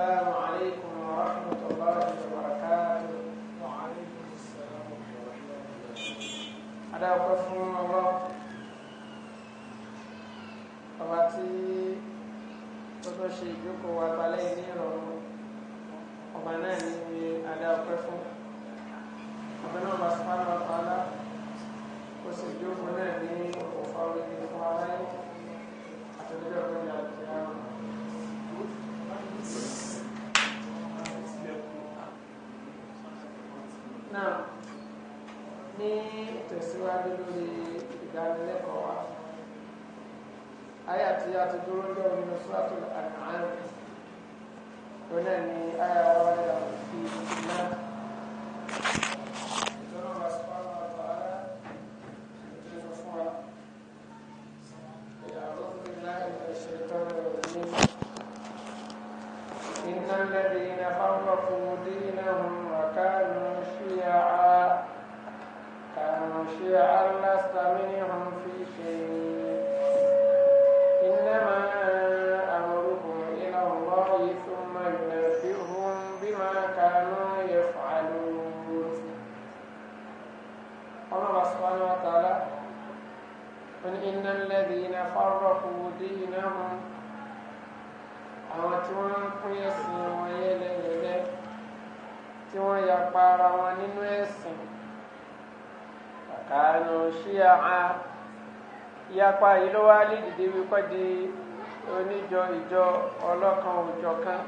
السلام عليكم ورحمة الله وبركاته وعليكم السلام ورحمة الله أدا وقفنا الله أباتي تتوشي بكم وطلعي نيرو tí wọ́n ya pa ara wọn nínú ẹ̀sìn kàánù ṣíà á ìyapa yìí ló wá lídìdí wípé di oníjọ ìjọ ọlọ́kan òjọ kan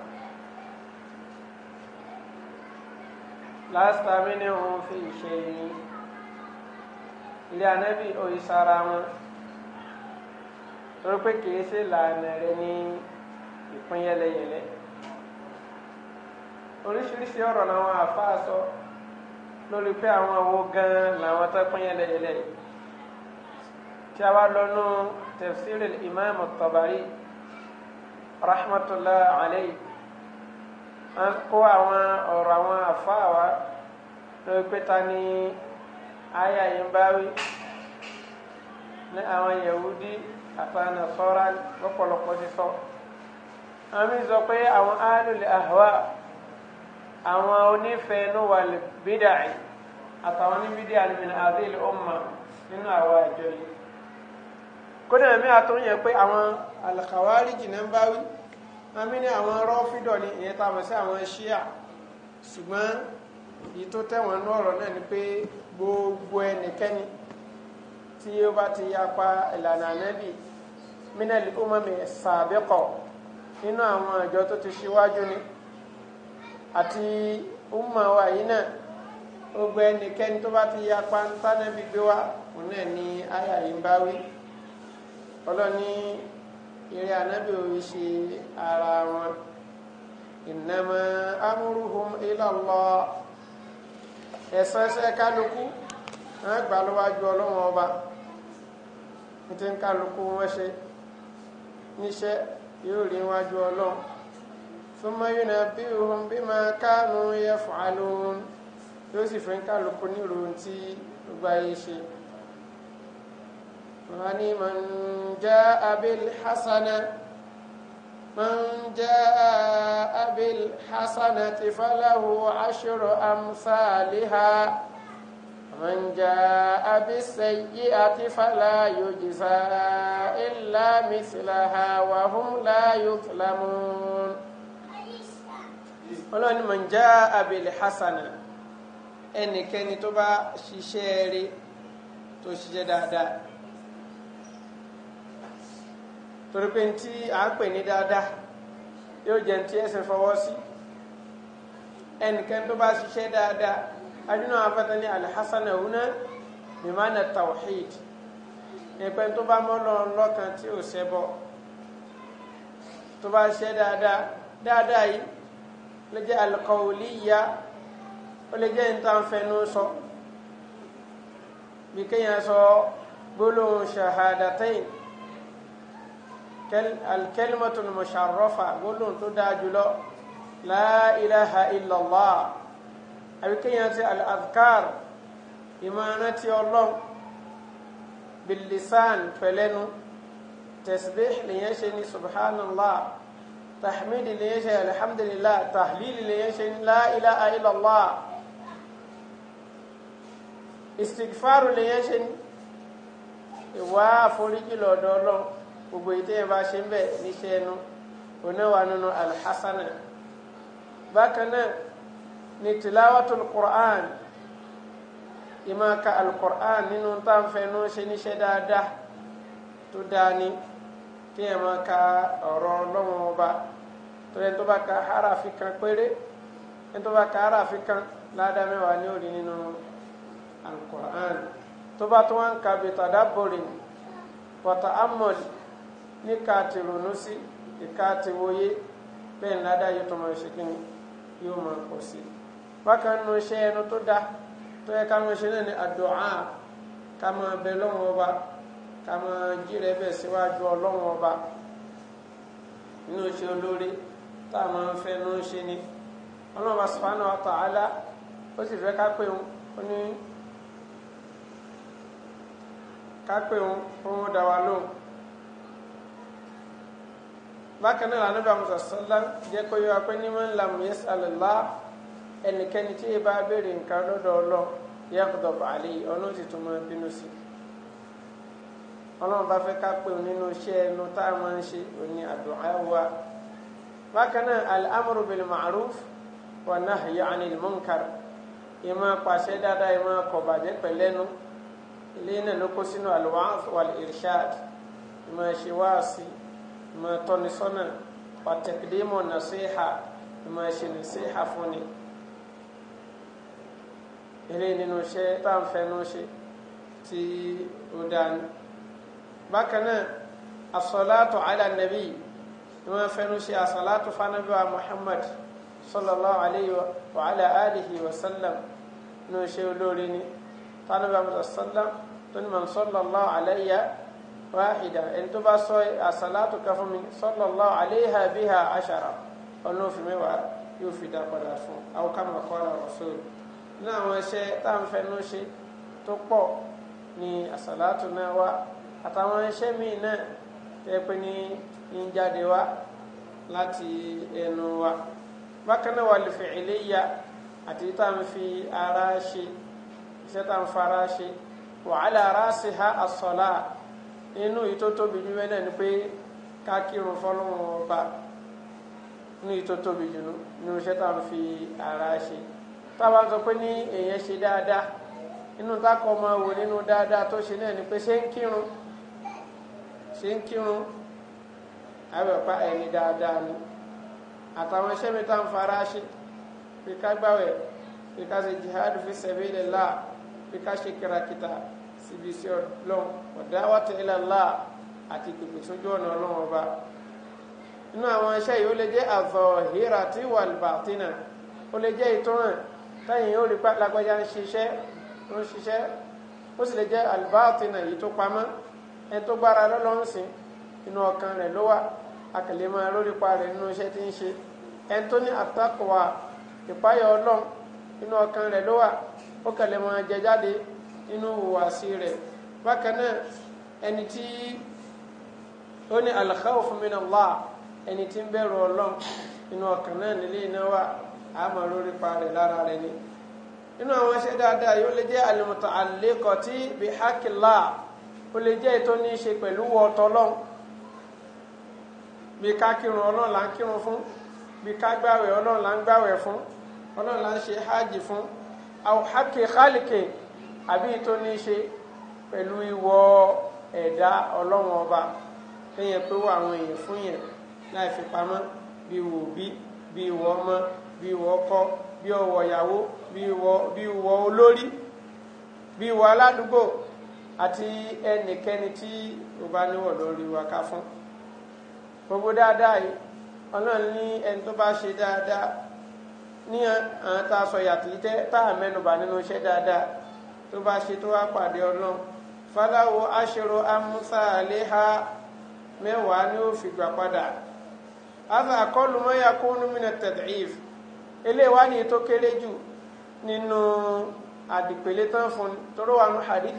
lásìkò àmínú òun fi ṣe ní ilé anábì òyìnsára wọn torí pé kìí ṣe ìlànà rẹ ní ìpín oríṣiríṣi ọ̀rọ̀ làwọn àáfàá sọ lórí pé àwọn wo gan làwọn tó pín yẹlẹyẹlẹ yìí tí a wá lọ́nu tafsir imam tabari rahmatulah alayhi wọn kó àwọn ọ̀rọ̀ àwọn àáfàá wa lórí pé ta ni aya yìí ń bá wí ní àwọn yahudi àtàwọn sọ́ra lọ́pọ̀lọpọ̀ ti sọ. àmì sọ pé àwọn alùlẹ̀ àhùwà àwọn onífẹ̀ẹ́ ló wà bídà àtàwọn oníbídà àlùmínà àdéhìlì ọmọ nínú àwọn àjọ yìí kódà mi àtúnyẹ pé àwọn alkawari jìnnà ń báwí wọn mi ní àwọn rọfídọ ni ìyẹn tá a mọ̀ sí àwọn ṣíà ṣùgbọ́n èyí tó tẹ̀wọ̀n ní ọ̀rọ̀ náà ni pé gbogbo ẹnikẹ́ni tí ó bá ti yapa ìlànà ànábì mínẹ́lì ó mọ̀ mi sàbẹ́kọ̀ nínú àwọn àjọ tó ti ṣíwájú ni àti umma wa yìí náà gbogbo ẹnikẹ́ni tó bá ti ya pátá nẹ́bí gbé wa òun náà ni àyà yìí ń bá wí ọlọ́ni eré anábì òwe ṣe ara wọn innama amruhum ila Allah ẹ̀sán ẹsẹ̀ kálukú wọn gbà lọ́wájú ọlọ́run ọba ní ti ń kálukú wọn ṣe níṣẹ́ yóò rí wájú ọlọ́run. ثم ينبئهم بما كانوا يفعلون يوسف ان كان لكني رونتي فاني من جاء بالحسنة من جاء بالحسنة فله عشر أمثالها ومن جاء بالسيئة فلا يجزى إلا مثلها وهم لا يظلمون ọlọ́run ní man jaa bil hasana ẹnikẹ́ni tó bá ṣiṣẹ́ rí tó ṣiṣẹ́ dáadáa torí pé tí à ń pè ní dáadáa yóò jẹ́ tí ẹsẹ̀ fọwọ́ sí ẹnikẹ́ni tó bá ṣiṣẹ́ dáadáa adúnà afẹ́tẹ́ ní alhassan ahuna bimana tawhid ẹgbẹ́ tó bá mọ́ lọ lọ́kàn tí ò ṣẹbọ tó bá ṣiṣẹ́ dáadáa dáadáa yìí lè jẹ́ alqawliya ó lè jẹ́ nta fẹnu sọ bí kéèyàn sọ gbólóhùn shahadatain alkalimatul musharrafa gbólóhùn tó dáa jùlọ la ilaha illallah àbí kéèyàn ti al-adhkar ìmọ̀ràn ti ọlọ́run bilisan pẹ̀lẹ́nu tasbih lèyàn ṣe ní subhanallah tahmidi lè ṣe alhamdulillah tahlili lè ṣe la ilaha illallah istighfaru lè ṣe ìwà àforíjì lọ́dọ̀ Ọlọ́run gbogbo ìtẹ́yẹ bá ṣe ń bẹ̀ níṣẹ́ ẹnu oníwà nínú alhassana bákan náà ní tilawatul qur'an ìmáka alqur'an nínú táǹfẹ̀ẹ́nú ṣe níṣẹ́ dáadáa tó dáa ní kí ẹ máa ka ọ̀rọ̀ ọlọ́run ọba torí ẹni tó bá ka harafi kan péré ẹni tó bá ka harafi kan ládàá mẹ́wàá ní òrì nínú alukur'an tó bá tó wọn ka bìtà dábòrì wọ̀tà amọ̀l ní ká ti ronú sí ìka ti wòye bẹ́ẹ̀ ni ládàá yóò tó máa ṣe kí ni yóò máa pọ̀ sí i bákan nu iṣẹ́ ẹnu tó dá tó yẹ ká máa ṣe náà ní àdúà ká máa bẹ lọ́wọ́ ọba ká máa jí rẹ bẹ̀ síwájú ọlọ́wọ́ ọba nínú iṣẹ́ olóore tá a máa ń fẹnu ṣe ni ọlọ́run subhanahu wa ta'ala ó sì fẹ́ ká pé òun ó ní ká pé òun òun dá wa lóhùn bákan náà lànà bá musa sọlá jẹ́ kó yọ apẹ́ ní mọ́ ńlá mùyẹ́ sàlùlá ẹnikẹ́ni tí bá béèrè nǹkan lọ́dọ̀ ọlọ́ yàgùdọ̀ bàálì ọlọ́run sì tún máa bínú sí ọlọ́run bá fẹ́ ká pé òun nínú iṣẹ́ ẹnu tá a máa ń ṣe òun ni àdúà bákan náà al-amru bil ma'ruf wa nahyi anil munkar ìmọ̀ pàṣẹ dáadáa ìmọ̀ kọ̀bàjẹ́ pẹ̀lẹ́nu ilé náà ló kó sínú al-wa'z wal-irshad ìmọ̀ ṣe wáàsí ìmọ̀ tọ́nisọ́nà wa taqdimu nasiha ìmọ̀ ṣe nasiha fúnni eré nínú iṣẹ́ tá à ń fẹnu ṣe tí ó ala nabi ni wọ́n fẹ́nu ṣe àsàlátù fanabiwa Muhammad sallallahu alayhi wa ala alihi wa sallam ní o ṣe olórí ni fanabiwa Muhammad sallam tó ní mọ̀ sallallahu alayya wahida ẹni tó bá sọ àsàlátù kan fún mi sallallahu alayha biha ashara ọlọ́ọ̀fin mẹ́wàá yóò fi dá padà fún àwọn kama qala rasul ní àwọn iṣẹ́ tá à ń fẹnu ṣe tó pọ̀ ní àsàlátù náà wá àtàwọn iṣẹ́ míì náà tẹ́ pé ní ń jáde wá láti ẹnu wa bákan náà wà lè fi ìléyà àti tá à ń fi ara ṣe iṣẹ́ tá à ń fara ṣe wàhálà ara ṣe ha àsọ̀lá inú yìí tó tóbi jù mẹ́lẹ̀ ni pé ká kírun fọlọ́run ọba inú yìí tóbi jù nínú iṣẹ́ tá ń fi ara ṣe táwa sọ pé ní èèyàn ṣe dáadáa inú tákọ̀ máa wò nínú dáadáa tó ṣe náà ni pé ṣé ń kírun ṣé ń kírun àbẹ̀pá ẹni dáadáa ni àtàwọn iṣẹ́ mi tá ń fara ṣe fi ká gbàwẹ̀ fi ká ṣe jihad fi sabilillah fi ká ṣe kìràkìtà síbi iṣẹ́ ọlọ́run ọ̀dáwàtò ilallah àti pèpè sójú ọ̀nà ọlọ́run ọba inú àwọn iṣẹ́ yìí ó lè jẹ́ az-zahirati wal-batina ó lè jẹ́ ìtọ́ràn táyìn ó rí lágbájá ń ṣiṣẹ́ ń ṣiṣẹ́ ó sì lè jẹ́ al-batina tó pamọ́ ẹni tó gbára lọ́lọ́run sìn inú ọkàn rẹ̀ ló wà àkàlẹ́ máa lórí pa rẹ̀ nínú iṣẹ́ tí ń ṣe ẹni tó ní àtàkùwà ìpáyọ̀ ọlọ́run inú ọkàn rẹ̀ ló wà ó kàlẹ́ máa jẹ jáde nínú ìhùwàsí rẹ̀ bákan náà ẹni tí ó ní al-khawf min Allah ẹni tí ń bẹ̀rù ọlọ́run inú ọkàn náà nílé iná wà á máa lórí pa rẹ̀ lára rẹ̀ ni nínú àwọn iṣẹ́ dáadáa yóò lè jẹ́ al-muta'alliqati bi haqqillah ó lè jẹ́ ètò ní í ṣe pẹ̀lú wọ́ọ̀tọ́ ọlọ́run bí ká kírun ọlọ́run là ń kírun fún bí ká gbàwẹ̀ ọlọ́run là ń gbàwẹ̀ fún ọlọ́run là ń ṣe hajj fún àwòhákè kálíkè àbí tó ní í ṣe pẹ̀lú ìwọ ẹ̀dá ọlọ́run ọba kéèyàn pé wọ àwọn èèyàn fún yẹn láì fi pamọ́ bí wò bí bí wọ ọmọ bí wọ ọkọ bí ọwọ ìyàwó bí wọ olórí bí wọ aládùúgbò àti ẹnikẹ́ni tí ó bá níwọ̀ lórí wa ká fún. gbogbo dáadáa yìí ọlọ́run ní ẹni tó bá ṣe dáadáa ní àwọn tá a sọ yàtọ̀ yìí tẹ́ tá a mẹ́nubà nínú iṣẹ́ dáadáa tó bá ṣe tó wá pàdé ọlọ́run faláwo aṣèrò amúsáàléhà mẹ́wàá ni ó fi gbà padà aza akọlù mọ́yà kónú mi náà tẹ̀dẹ̀ẹ́f eléwàá ni tó kéré jù nínú àdìpẹ̀lẹ́ tán fún tọ́rọ wà ní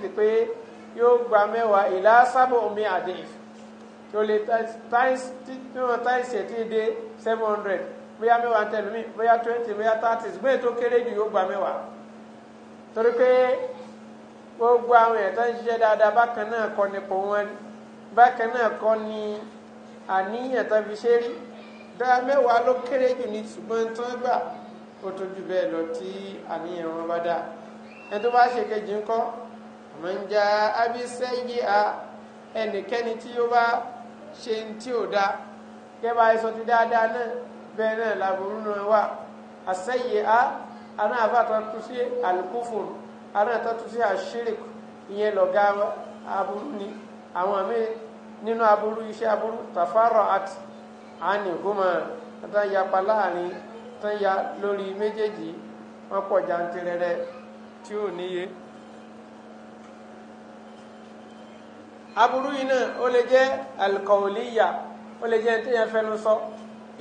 gba mẹ́wàá ìlà sábà omi o lè táìsì ẹ̀ tí ì dé seven hundred bóyá mẹ́wàá tẹ̀lé mi bóyá twenty bóyá thirty gbé tó kéré jù yóò gba mẹ́wàá torí pé gbogbo àwọn èèyàn tó ń ṣiṣẹ́ dáadáa bákan náà kọ́ nípò wọn bákan náà kọ́ ni àníyàn tó fi ṣe rí dáa mẹ́wàá ló kéré jù ní ṣùgbọ́n tó ń gbà ó tó jù bẹ́ẹ̀ lọ tí àníyàn wọn bá dáa ẹni tó bá ṣe kejì ńkọ́ àmọ́ ń ja abisẹ́yìí a ẹnikẹ́ni tí yóò bá ṣe ń tí ò dáa kẹba ẹ sọ ti dáadáa náà bẹ́ẹ̀ náà làbúrú náà wà àsẹ́yẹ á aná àbáta tún sí àlùkùfùn aná àtọ́tún sí àṣírí ìyẹn lọ̀gá aburú ni àwọn míì nínú aburú iṣẹ́ aburú tàfárọ̀ àti àníhùmọ̀ tán yapa láàrin tán ya lórí méjèèjì wọn pọ̀ jantirẹrẹ tí ò níye. aburú yìí náà ó lè jẹ́ alkauliya ó lè jẹ́ téèyàn fẹnu sọ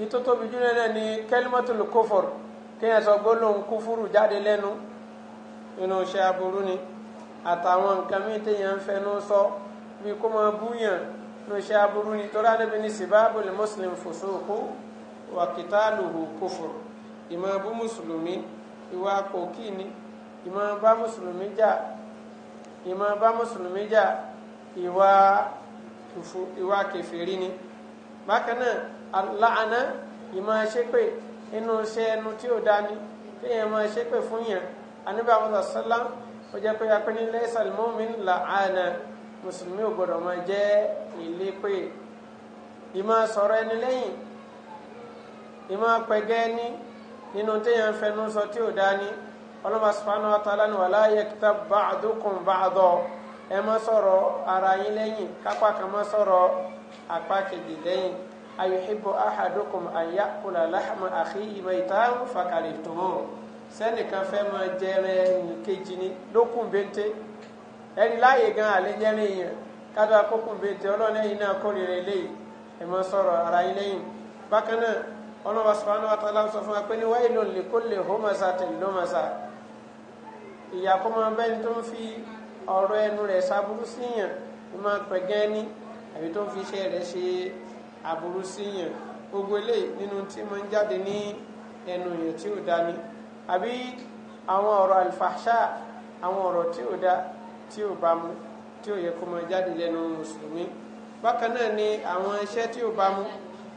ìtó tóbi jù náà ní kẹlímọ́tò lè kófòrò téèyàn sọ gbólóhùn kúfúrú jáde lẹ́nu nínú iṣẹ́ aburú ni àtàwọn nǹkan míì téèyàn fẹnu sọ bí kó máa búyàn nínú iṣẹ́ aburú ni torí àdébí ní sibáàbù lè mùsùlùmí fòṣókó wà kìtàlùhù kófòrò ìmọ̀ abú mùsùlùmí ìwà kòkí ni ìmọ̀ bá mùsùlùmí jà ìmọ̀ bá mùsùlùmí jà ìwà ìwà kẹfìrí ni bákan náà aláàánà ìmọ̀ ṣépè inú iṣẹ́ ẹnu tí ó dání kéèyàn máa ṣépè fún yàn anábà àwọn sọ́lá ó jẹ́ pé apẹ́ni lẹ́sàl mu'min làánà mùsùlùmí ò gbọ́dọ̀ máa jẹ́ ìlépè ìmọ̀ sọ̀rọ̀ ẹni lẹ́yìn ìmọ̀ pẹ̀gẹ́ ní nínú téèyàn fẹnu sọ tí ó dání ọlọ́mọ subhanahu wa ta'ala ni wala yaktab ba'dukum ba'da ẹ má sọ̀rọ̀ ara yín lẹ́yìn kápá kan má sọ̀rọ̀ apá kejì lẹ́yìn ayuhibbu ahadukum an ya'kula lahma akhihi maytan fakarihtumuh sẹ́nìkan fẹ́ máa jẹrẹ ẹnì kejì ni lókùn bẹ́ńtẹ́ ẹni láàyè gan àlẹ́ jẹrẹ èèyàn kádà kókùn bẹ́ńtẹ́ ọlọ́lẹ́yìn náà kórìíra eléyìí ẹ má sọ̀rọ̀ ara yín lẹ́yìn bákan náà ọlọ́wà subhanahu wa ta'ala sọ fún wa pé ní wailun likulli humazatin lumazah ìyà kó máa bẹ́ẹ̀ tó ń fi ọ̀rọ̀ ẹnu rẹ̀ ṣaburú síyàn ó máa ń pẹ̀gẹ́ ní àbí tó ń fi iṣẹ́ rẹ̀ ṣe aburú síyàn gbogbo eléyìí nínú tí mo ń jáde ní ẹnu yẹn tí ò dá ní àbí àwọn ọ̀rọ̀ àlùfàṣà àwọn ọ̀rọ̀ tí ò dá tí ò bá mu tí ò yẹ kó máa jáde lẹ́nu mùsùlùmí bákan náà ni àwọn iṣẹ́ tí ò bá mu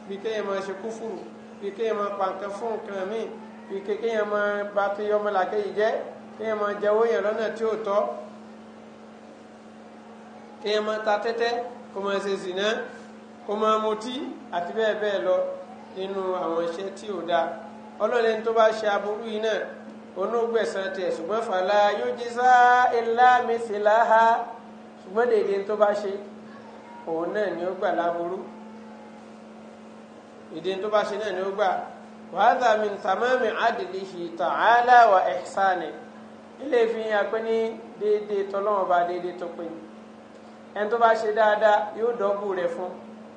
bí kéèyàn máa ṣe kúfùrù bí kéèyàn máa pa nǹkan fún nǹkan míì bí kéèyàn máa bá tó yọmọlàkejì jẹ́ kéèyàn máa jẹ owó yẹn lọ́nà tí ò tọ́ kéèyàn máa ta tẹ́tẹ́ kó máa ṣe zìnà kó máa mutí àti bẹ́ẹ̀ bẹ́ẹ̀ lọ nínú àwọn iṣẹ́ tí ò dáa ọlọ́lẹ́ni tó bá ṣe aburú yìí náà onúgbẹ̀sán tiẹ̀ ṣùgbọ́n fàlà yóò jí sá ilá mi sì láha ṣùgbọ́n dèdè tó bá ṣe òun náà ni ó gbà láburú ìdí tó bá ṣe náà ni ó gbà wàhálà mi tàmámi àdìlì ṣìtàn àálà wà ẹ̀sánì ilé ìfihàn pé ní déédéé tọ́lọ́mọba déédéé tó pé ní ẹni tó bá ṣe dáadáa yóò dọ́bù rẹ̀ fún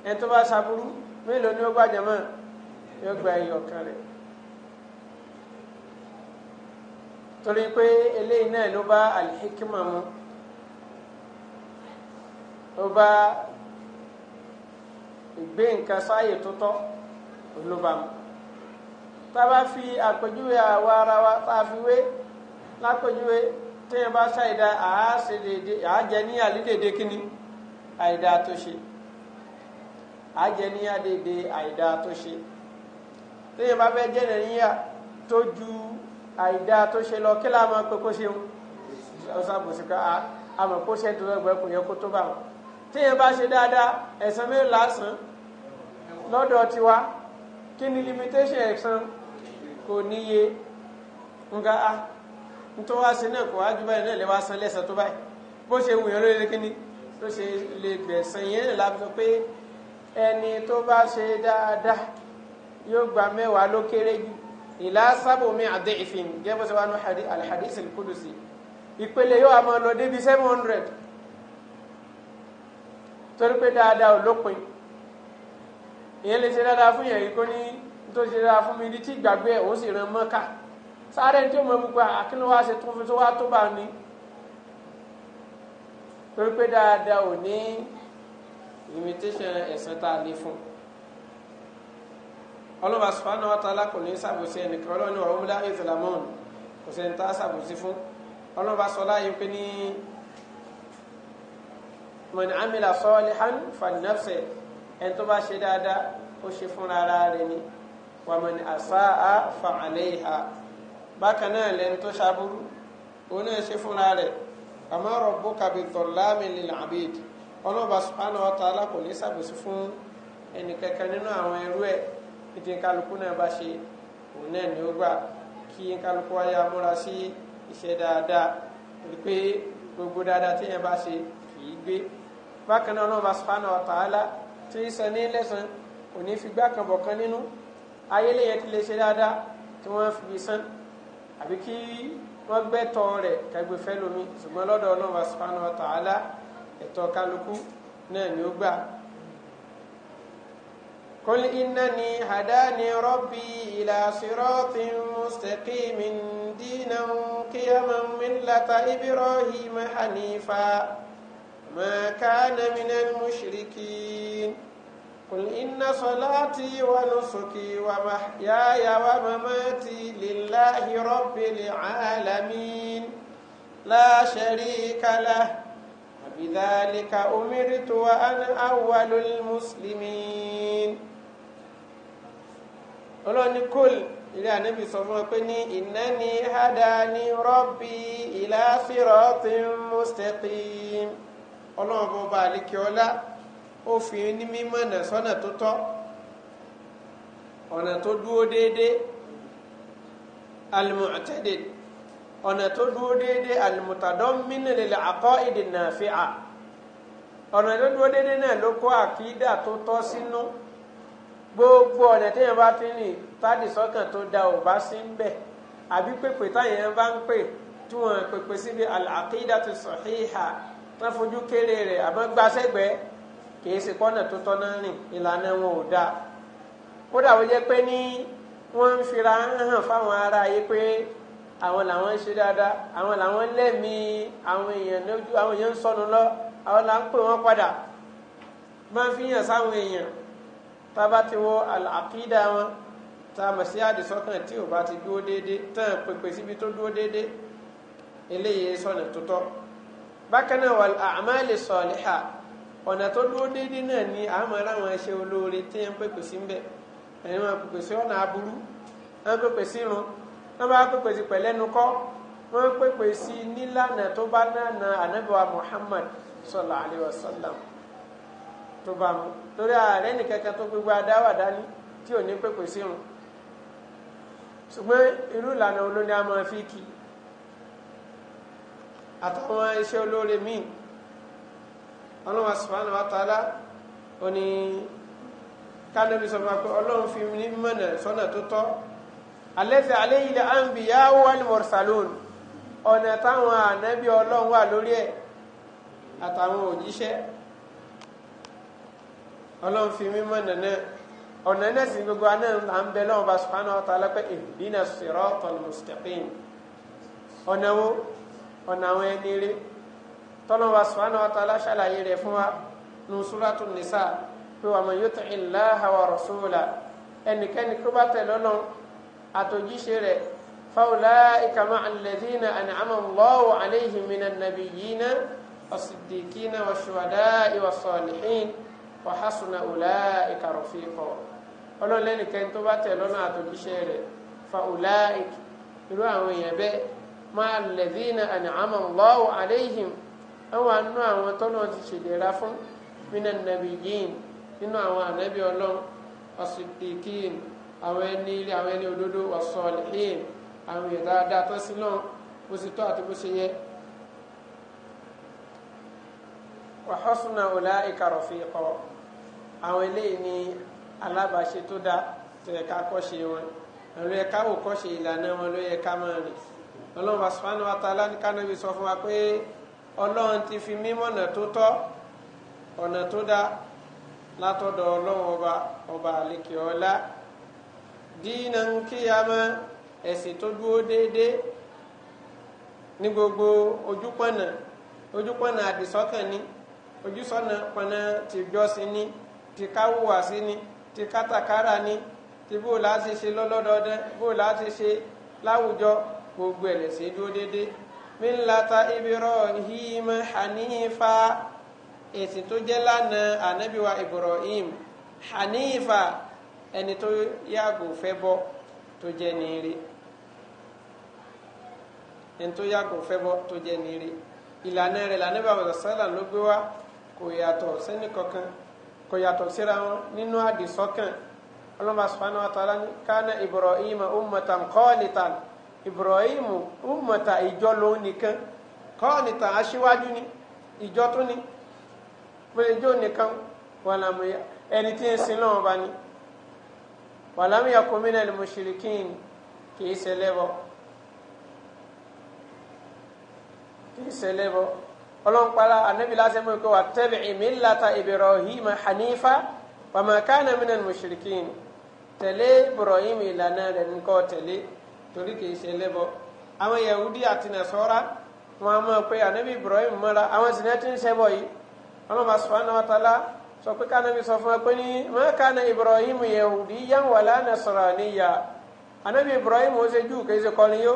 ẹni tó bá ṣaburú mélòó ni ó gbàjẹ́ mọ́ yóò gba ẹyọ kan rẹ̀ torí pé eléyìí náà ló bá alhikima mu ló bá ìgbé nǹkan sáàyè tó tọ́ ló bá mu tá a bá fi àpèjúwe àwa ara wa tá a fi wé lápèjúwe téèyàn bá ṣàìdá àájẹ ní àlídèdè kíní àìdá tó ṣe àájẹ ní àdèdè àìdá tó ṣe téèyàn bá fẹ́ jẹ́ nàìjíríà tó ju àìdá tó ṣe lọ kí láàmú pé kó ṣeun ọ̀sàbòsí ká àmọ̀ kó ṣe tó lọ́gbẹ̀ẹ́ kò yẹ kó tó bá wọn téèyàn bá ṣe dáadáa ẹ̀san mélòó lásán lọ́dọ̀ tiwa kí ni limitation ẹ̀san kò níye nga a tó wá ṣe náà kò wá ju báyìí náà lè wá san lẹ́sàn tó báyìí bó ṣe wù yẹn ló lè kíni tó ṣe lè gbẹ̀sán yẹn lè láti sọ pé ẹni tó bá ṣe dáadáa yóò gba mẹ́wàá ló kéré jù ìlà sábòmí àdé ìfìn gẹ́gẹ́ bó ṣe wà ní alhadis kudusi ìpele yóò wá lọ débi seven hundred torí pé dáadáa ò lópin ìyẹn lè ṣe dáadáa fún yẹn yìí kó ní tó ṣe dáadáa fún mi ní tí ìgbàgbé ẹ̀ ó sáré tí ó mọ̀ gbogbo àkínú wá ṣe tó fi tó wá tó bá ní torí pé dáadáa ò ní limitation ẹ̀sìn tá a lè fún ọlọ́ba subhanahu wa ta'ala kò ní ṣàbòsí ẹnìkan ọlọ́run ní ọ̀hún láàyè ìsìlámọ́ọ̀nù kò sẹ́ni tá a ṣàbòsí fún ọlọ́ba sọ láàyè pé ní man amila salihan falinafse ẹni tó bá ṣe dáadáa ó ṣe fúnra rẹ̀ ni wa man asaa fa bákan náà lẹni tó ṣaburú òun náà ṣe fúnra rẹ̀ àmọ́ rọ̀bù kàbìtọ̀ láàmìlì làbíd ọlọ́ba subhanahu wa ta'ala kò ní ṣàbòsí fún ẹnì kẹkẹ nínú àwọn ẹrú ẹ̀ ìdí kálukú náà bá ṣe òun náà ni ó gbà kí kálukú wáyé amúra sí iṣẹ́ dáadáa pé gbogbo dáadáa tí yẹn bá ṣe kì gbé bákan náà ọlọ́ba subhanahu wa ta'ala tí í san ní lẹ́sàn kò ní fi gbá kan bọ̀ kan nínú ayé lè yẹ ti lè ṣe dáadáa tí wọ́n fi san àbí kí wọ́n gbẹ́tọ̀ rẹ̀ kẹgbẹ́ fẹ́ lómi ṣùgbọ́n lọ́dọ̀ ọlọ́run subhanahu wa ta'ala ẹ̀tọ́ kálukú náà ni ó gbà. قل إنني هداني ربي إلى صراط مستقيم دينا قيما ملة إبراهيم حنيفا ما كان من المشركين قل إن صلاتي ونسكي ومحياي ومماتي لله رب العالمين لا شريك له وبذلك أمرت وأنا أول المسلمين ọlọ́ni kol ilé ànábì sọ fún ọ pé ní innani hadani rabbi ila siratin mustaqim ọlọ́run bọ́ bá àlékè ọlá ó fi ní mímọ́ nà sọ́nà tó tọ́ ọ̀nà tó dúró déédéé al-mu'tadil ọ̀nà tó dúró déédéé al-mutadammin lil aqaid an-nafi'a ọ̀nà tó dúró déédéé náà ló kó àkídà tó tọ́ sínú gbogbo ọ̀nà téèyàn bá fi rìn tádì sọ́kàn tó da ò bá sí ń bẹ̀ àbí pèpè táyẹn bá ń pè tí wọ́n pèpè síbi al-aqidatu sahiha tán fojú kéré rẹ̀ àmọ́ gbasẹ́gbẹ̀ẹ́ kì í ṣe pọ́nà tó tọ́ náà rìn ìlànà wọn ò dáa kódà ó jẹ́ pé ní wọ́n ń fira hàn fáwọn ará yìí pé àwọn làwọn ń ṣe dáadáa àwọn làwọn ń lẹ́mìí àwọn èèyàn lójú àwọn èèyàn ń sọnù lọ àwọn là ń pè wọ́n padà máa ń fi hàn sáwọn èèyàn tá a bá ti wo àkídà wọn tá a mọ̀ sí àdìsọ́kàn tí ò bá ti dúró déédéé tán pèpè síbi tó dúró déédéé eléyìí sọ̀nà tó tọ́ bákan náà wal a'mali salihah. ọ̀nà tó dúró déédéé náà ni àmọ́ mara ẹṣẹ́ olóore tí wọ́n pèpè sí ń bẹ̀ ẹni na pèpè sí ọ̀nà aburú wọ́n pèpè sí irun wọ́n bá pèpè sí pẹ̀lẹ́nu kọ́ wọ́n pèpè sí nílànà tó bá nànà Muhammad sallallahu alaihi wasallam tó bá mu torí ààrẹ nìkẹ́kẹ́ tó gbégbá adáwà dání tí ò ní pèpè sí irun ṣùgbọ́n irú ìlànà a máa fi kì àtàwọn olóore míì ọlọ́run subhanahu wa ta'ala ó ní kánẹ́bí sọ fún wa pé ọlọ́run fi ní mọ̀nà sọ́nà tó tọ́ alẹ́sẹ̀ alẹ́ ilẹ̀ anbiya wal mursalun ọ̀nà táwọn ànábì ọlọ́run wà lórí ẹ̀ àtàwọn òjíṣẹ́ ọlọ́run fi mí mọ̀nà náà ọ̀nà náà sì gbogbo aná à ń bẹ lọ́wọ́ bá subhanahu wa ta'ala pé ihdina siratal mustaqim ọ̀nà wo ọ̀nà àwọn ẹni rí tọ́lọ́wà subhanahu wa ta'ala ṣàlàyé rẹ̀ fún wa nù suratu nisa pé wa man yuti illaha wa rasula ẹnikẹ́ni kó bá tẹ̀ lọ́nà àtòjíṣe rẹ̀ fa ulaika ma'a alladhina an'ama Allahu alayhim minan nabiyyina was-siddiqina wash-shuhada'i was-salihin wa hasuna ulaika rafiqa ọlọ́run lẹ́nìkẹ́ni tó bá tẹ̀ lọ́nà àtòjíṣe rẹ̀ fa ulaika àwọn èèyàn bẹ́ẹ̀ ma'a alladhina an'ama Allahu alayhim àwọn àánú àwọn tọ́lọ́ ti ṣèlérà fún minan nabiyyin nínú àwọn ànábì ọlọ́run as-siddiqin àwọn ẹni ilé àwọn ẹni òdodo was-salihin àwọn èèyàn dáadáa tó sí náà bó ṣe tọ́ àti bó ṣe yẹ. wa husna ulaika rafiqa àwọn eléyìí ni alábàáṣe tó dáa tó yẹ ká kọ́ṣe wọn ló yẹ ká wò kọ́ṣe ìlànà wọn ló yẹ ká máa rìn ọlọ́run subhanahu wa ta'ala ní sọ fún wa pé ọlọ́run ti fi mímọ́ ọ̀nà tó tọ́ ọ̀nà tó dá látọ̀dọ̀ ọlọ́run ọba ọba àlekè ọlá dínà ń kíyàmọ́ ẹ̀sìn tó dúró déédéé ní gbogbo ojúpọ̀nà ojúpọ̀nà àdìsọ́kàn ni ojúsọ́nà pọ̀nà tìjọ́sìn ni tìkáwùwàsí ni tìkátàkárà ni ti bó láti ṣe lọ́lọ́dọọdẹ bó láti ṣe láwùjọ gbogbo ẹ̀lẹ́sìn dúró déédéé mílata Ibrahim hanifa èsì tó jẹ́ lánàá ànábìwá Ibrahim hanifa ẹni tó yàgò fẹ́ bọ́ tó jẹ́ nírí ẹni tó yàgò fẹ́ bọ́ tó jẹ́ nírí ìlànà rẹ̀ lànà bàbá sálà ló gbé wá kò yàtọ̀ sẹ́ni kankan kò yàtọ̀ síra wọn nínú àdìsọ́kàn ọlọ́mọ subhanahu wa ta'ala ní kánà Ibrahim ummatan qanitan ibrahim ummata ìjọ lòun nìkan kọ́ọ̀nì tàn aṣíwájú ni ìjọ tó ní péjọ nìkan wàlámùyà ẹni tí ń sin lọ́wọ́ bá ní wàlámùyà kòmínà ni mushrikin kì í ṣe lẹ́bọ kì í ṣe lẹ́bọ ọlọ́nkpala anabi lásán mú kó wà tabi'i millata ibrahim hanifa wa ma kana minal mushrikin tẹ̀lé ibrahim ìlànà rẹ̀ nǹkan tẹ̀lé torí kìí ṣe lẹ́bọ àwọn yahudi àti nasọ́ra wọn a máa pe anabi ibrahim mọ́ra àwọn sì náà ti ń ṣẹbọ yìí ọlọ́mọ subhanahu wa ta'ala sọ pé kánabi sọ fún wa pé ní ma kana ibrahim yahudiyyan wala nasraniyyan anabi ibrahim ó ṣe júù kìí ṣe kọ́ni yó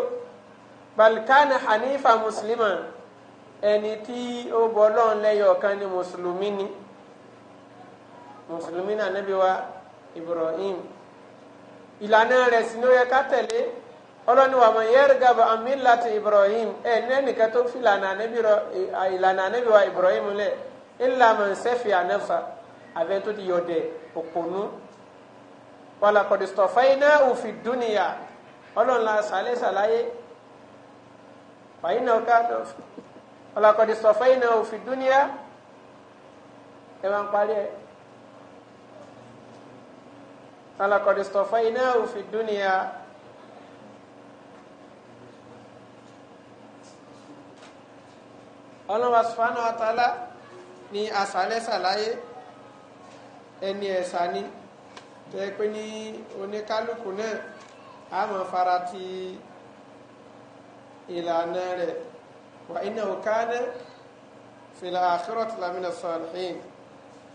bal kana hanifa muslima ẹni tí ó bọ́ lọ́n lẹ́yọ̀ kan ní mùsùlùmí ni mùsùlùmí náà anabi wa ibrahim ìlànà rẹ̀ sì ni ó yẹ ká tẹ̀lé ọlọ́ni wa man yarghabu an millati ibrahim ẹ ní ẹnìkan tó fi ìlànà ànábì wa ibrahim lẹ̀ illa man safiha nafsa àbẹ tó ti yọ̀dẹ̀ òpònú wala qad istafaynahu fi dunya ọlọ́run la sàlẹ̀ sàlàyé fàyínà ọ̀ká wala qad istafaynahu fi dunya ẹ máa ń parí ẹ wala qad istafaynahu fi ọlọ́wà sùfánà àtàlá ní àṣálẹ́sà láyé ẹni ẹ̀sà ni tó yẹ pé ní oníkálukú náà a máa fara ti ìlànà rẹ̀ wà innahu kana fil akhirati lamina salihin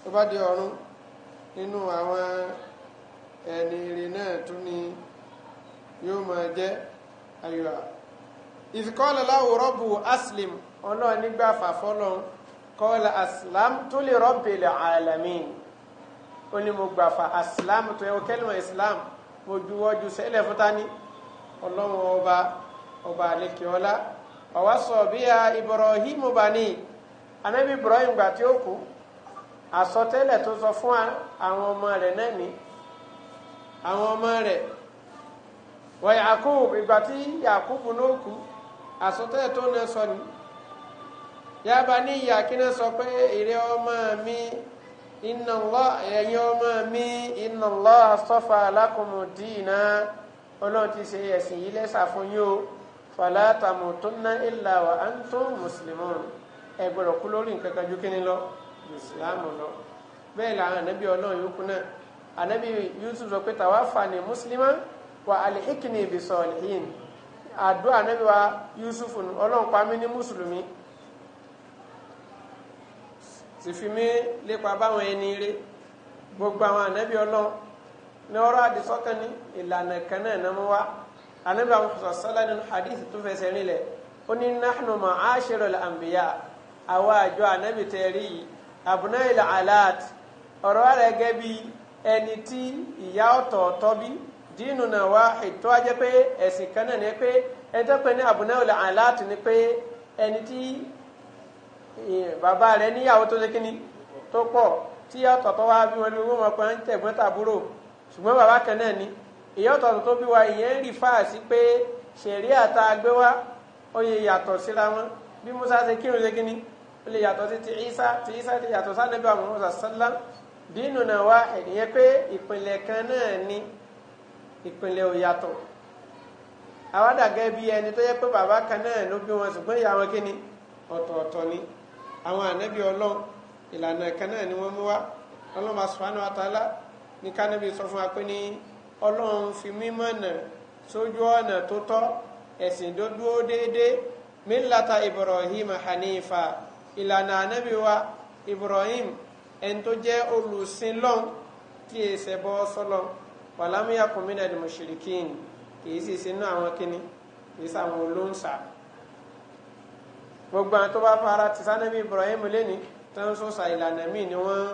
tó bá di ọ̀run nínú àwọn ẹni rí náà tún ni yóò máa jẹ́ ayọ̀ izqala lahu rabbu aslim ọlọ́run nígbà fàfọ́lọ́ kọ́lá aslam tó lè rabbil alamin ó ní mo aslam tó yẹ kẹ́lìmọ̀ islam mo juwọ́ ju sẹ́lẹ̀ fún tani ọlọ́run ọba ọba àlekèọ́lá ọ̀wá sọ bí i Ibrahim bani anabi Ibrahim gbà tí ó kú àsọtẹ́lẹ̀ tó sọ fún àwọn ọmọ rẹ̀ náà ni àwọn ọmọ rẹ̀ wọ Yakub ìgbà tí Yakub náà kú àsọtẹ́lẹ̀ tó náà sọ ni yaba ní ìyá kíná sọ pé èrè ọmọ mi inna Allah ẹ̀yin ọmọ mi inna Allah astafa lakumu dina ọlọ́run ti ṣe ẹ̀sìn yìí lẹ́sà fún yín o fala tamutunna illa wa antum muslimun ẹ gbọ́dọ̀ kú lórí nǹkan kan ju kíni lọ ìsìlámù lọ bẹ́ẹ̀ làwọn ànábì ọlọ́run yòókù náà ànábì Yusuf sọ pé tawaffani muslima wa alhikni bisalihin àdúrà ànábì wa Yusuf ọlọ́run pa mí ní mùsùlùmí sì fi mí lépa báwọn ẹni rí gbogbo àwọn ànábì ọlọ́run ní ọ̀rọ̀ àdìsọ́kàn ní ìlànà kan náà náà mú wá ànábì àwọn sọ̀sọ́lá nínú hadith tó fẹsẹ̀ rinlẹ̀ ó ní nahnu ma'ashirul anbiya àwa àjọ ànábì tẹ̀ yìí àbùnà ìlà alat ọ̀rọ̀ rẹ̀ bí ẹni tí ìyá ọ̀tọ̀ọ̀tọ̀ bí dínú náà wá ètò ajẹ́ pé ẹ̀sìn kan náà ni pé ẹni tó pè ní àbùnà ìlà alat ni pé ẹni tí bàbá rẹ̀ níyàwó tó ṣe kíni tó pọ̀ tí ọ̀tọ̀tọ̀ wá bí wọn ni wọn máa pẹ́ ń tẹ̀gbọ́n tàbúrò ṣùgbọ́n bàbá kan náà ni ìyá ọ̀tọ̀tọ̀ tó bí wa ìyẹn ń rì fáà sí pé ṣẹ̀rí àta gbé wá ó yẹ yàtọ̀ síra wọn bí Musa ṣe kírun ṣe kíni ó lè yàtọ̀ sí ti Isa ti Isa ti yàtọ̀ sálẹ̀ bí àwọn Musa sálá dínú náà wá ẹ̀yẹn pé ìpìlẹ̀ kan náà ni ìpìlẹ̀ ò yàtọ̀ àwádàgẹ́ bí ẹni tó yẹ pé bàbá kan náà ló bí wọn ṣùgbọ́n ìyá wọn kíni ọ̀tọ̀ọ̀tọ̀ ni àwọn ànábì ọlọ́run ìlànà kan náà ni wọ́n mú wá ọlọ́run asùnfàánù àtàlà ní kánábì sọ fún wa pé ní ọlọ́run fi mímọ́ nà sójú ọ̀nà tó tọ́ ẹ̀sìn tó dúró déédéé mílàtà ibrahim hanifa ìlànà ànábì wa ibrahim ẹni tó jẹ́ olùsìn lọ́n kí èsè bọ́ sọ́lọ́ wàlámúyà kùnmínà ìdìmọ̀ṣìrìkìn kì í sì sínú àwọn kínní kì í sàwọn olóńsà gbogbo àwọn tó bá fara ti sanabi Ibrahim lẹ́ni tó ń sọ̀sà ìlànà míì ni wọ́n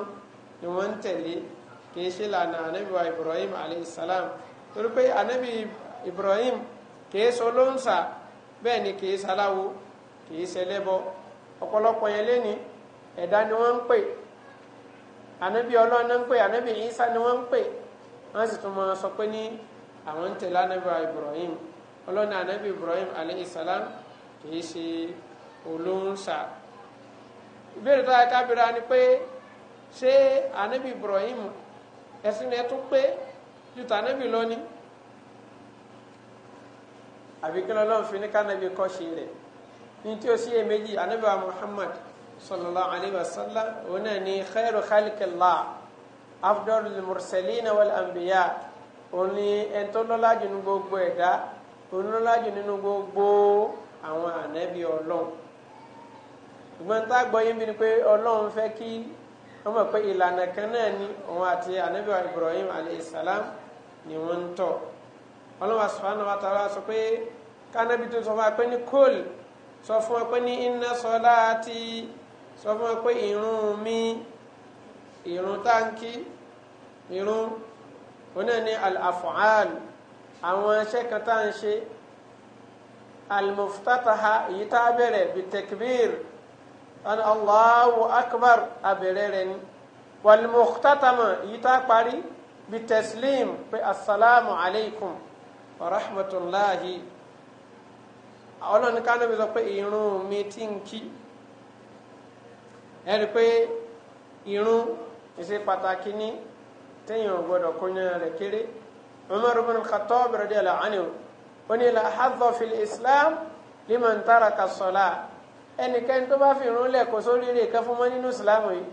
ni wọ́n ń tẹ̀lé kì í ṣe ìlànà anabi Ibrahim aleyhisalaam torí pé anabi Ibrahim kì í sọ ló ń sà bẹ́ẹ̀ ni kì í ṣaláwo kì í ṣẹlẹ́bọ ọ̀pọ̀lọpọ̀ yẹn lẹ́ni ẹ̀dá ni wọ́n ń pè anabi ọlọ́run náà ń pè anabi Isa ni wọ́n ń pè wọ́n sì tún mọ sọ pé ní àwọn ń tẹ̀lé anabi Ibrahim ọlọ́run anabi Ibrahim aleyhisalaam kì í ṣe olóńsà ìbéèrè tó yẹ kábíra ni pé ṣé anabi Ibrahim ẹ̀sìn rẹ̀ tún pé ju tànàbì lọ ni àbí kí lọ́lọ́run fi ní kánábì kọ́ ṣe rẹ̀ ní tí ó sì yẹ méjì anabi wa Muhammad sallallahu alayhi wa sallam òun náà ní khairu khalqillah afdalul mursalina wal anbiya òun ni ẹni tó lọ́lá jù nínú gbogbo ẹ̀dá òun lọ́lá jù nínú gbogbo àwọn ànábì Ọlọ́run ṣùgbọ́n tá a gbọ́ yín bí ni pé ọlọ́run fẹ́ kí wọ́n mọ̀ pé ìlànà kan náà ni òun àti anabi ibrahim aleyhisselam ni wọ́n ń tọ̀ ọlọ́run subhanahu wa ta'ala sọ pé kánábì tó sọ fún wa pé ní kóòlù sọ fún wa pé ní inna salati sọ fún wa pé ìrun mi ìrun táǹkì ìrun òun náà ni al-af'al àwọn iṣẹ́ kan tá à ń ṣe al-muftataha èyí tá a bẹ̀rẹ̀ bíi tekbir an allahu akbar abẹ̀rẹ̀ rẹ̀ ni walmukhtatama yìí tá a parí bi taslim pé asalaamu alaykum wa rahmatulahi ọlọ́ni kánú mi sọ pé irun mi ti ń kí ẹ rí i pé irun ìṣe pàtàkì ní téèyàn gbọdọ̀ kóyan rẹ̀ kéré Umar ibn khattab radiyallahu anhu ó la hadha islam liman taraka as ẹnikẹ́ni tó bá fi irun lẹ̀ kó sórí rè kẹ́ fún mọ́ nínú ìsìláàmù yìí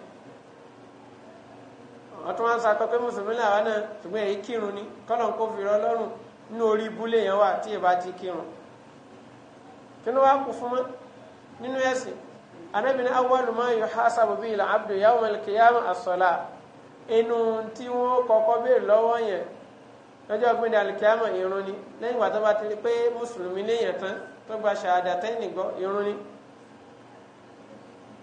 wọ́n tún wá ń sakọ pé mùsùlùmí làwa náà ṣùgbọ́n èyí kírun ni kọ́nà kó fi rán lọ́rùn nínú orí ibúlé yẹn wà tí ìbá ti kírun kí ló wá kú fún mọ́ nínú ẹ̀sìn anábìíní awwalu ma yuhasabu bihi al-abdu yawm al-qiyama as-salah inú tí wọ́n kọ́kọ́ béèrè lọ́wọ́ yẹn lọ́jọ́ gbẹ́ndé alikiyama irun ni lẹ́yìn ìgbà tó bá ti rí pé mùsùlùmí léèyàn tán tó gba ṣàdàtẹ́yìn gbọ́ irun ni.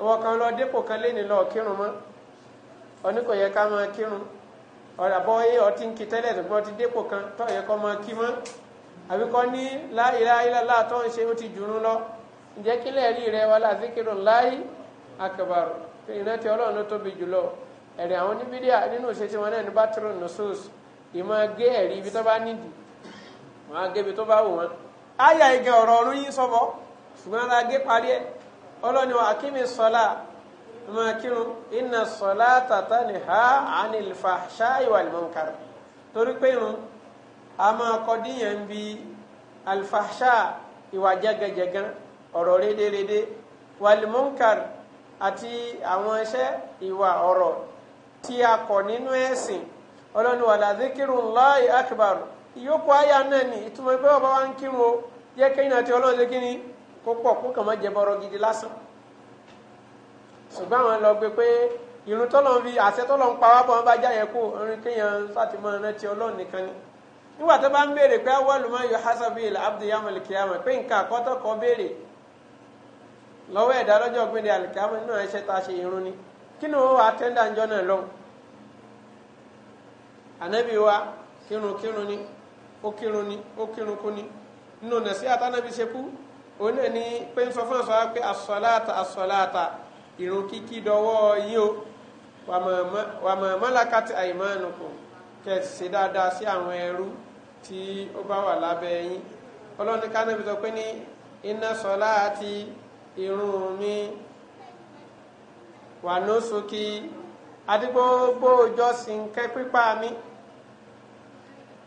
wọn kan lọ dépò kan léni lọ kírun mọ́ ọní kò yẹ ká máa kírun ọ yé ọtí ń tó ti dépò kan tó yẹ máa kí mọ́ kọ ní la ilaha ń ṣe ó ti jùrún lọ ǹjẹ́ rí rẹ ló tóbi jùlọ àwọn nínú wọn náà ní gé ibi tó bá wọn á gé ibi tó bá wù wọn. ọ̀rọ̀ ọ̀run yín ṣùgbọ́n ara gé parí ẹ̀ ọlọ́ni wa akimi sọlá máa kírun iná sọlá tàtà ní ha ànilfa ṣáì wà lìmọ̀nkàrà torí pé irun a máa kọ díyàn bí alfahṣá ìwà jẹgẹjẹgan ọ̀rọ̀ rédérédé wà lìmọ̀nkàrà àti àwọn iṣẹ́ ìwà ọ̀rọ̀ tí a kọ̀ nínú ẹ̀sìn ọlọ́ni wà làdíkìrù ńláì akbar ìyókù àyà náà ni ìtumọ̀ pé ọba wa ń kírun o jẹ́ kéyìn àti ọlọ́run kó pọ̀ kó kàn má jẹ bọ́rọ̀ gidi lásán ṣùgbọ́n àwọn lọ gbé pé ìrun tọ́lọ̀ ń fi àṣẹ tọ́lọ̀ ń pa wá bọ́ wọn bá jáyẹ kó orin kéèyàn sátìmọ́ rántí ọlọ́run nìkan ni nígbà tó bá ń béèrè pé awọ́lu máa yọ hasabi abdiyam alikiyama pé nǹkan àkọ́tọ̀ kọ́ béèrè lọ́wọ́ ẹ̀dá lọ́jọ́ gbélé alikiyama náà ẹ̀ṣẹ̀ tá ṣe irun ni kí ni wọ́n wá tẹ́ndà ńjọ́ náà lọ. ànábì wa kírun kírun ni ó kírun ni ó kírun kú ni nínú nàṣíhà tánábì ṣe kú òun náà ni pé ń sọ fún ọ̀sán wa pé asọ́láta asọ́láta ìrun kíkí dọwọ́ yín o wà mọ̀ mọ́lákàtí àìmánukùn kẹ́ẹ̀tì ṣe dáadáa sí àwọn ẹrú tí ó bá wà lábẹ́ yín ọlọ́run ká sọ pé ní iná sọlá àti ìrun mi wà nóṣù kí adigbogbo ìjọsìn kẹ́ pípa mi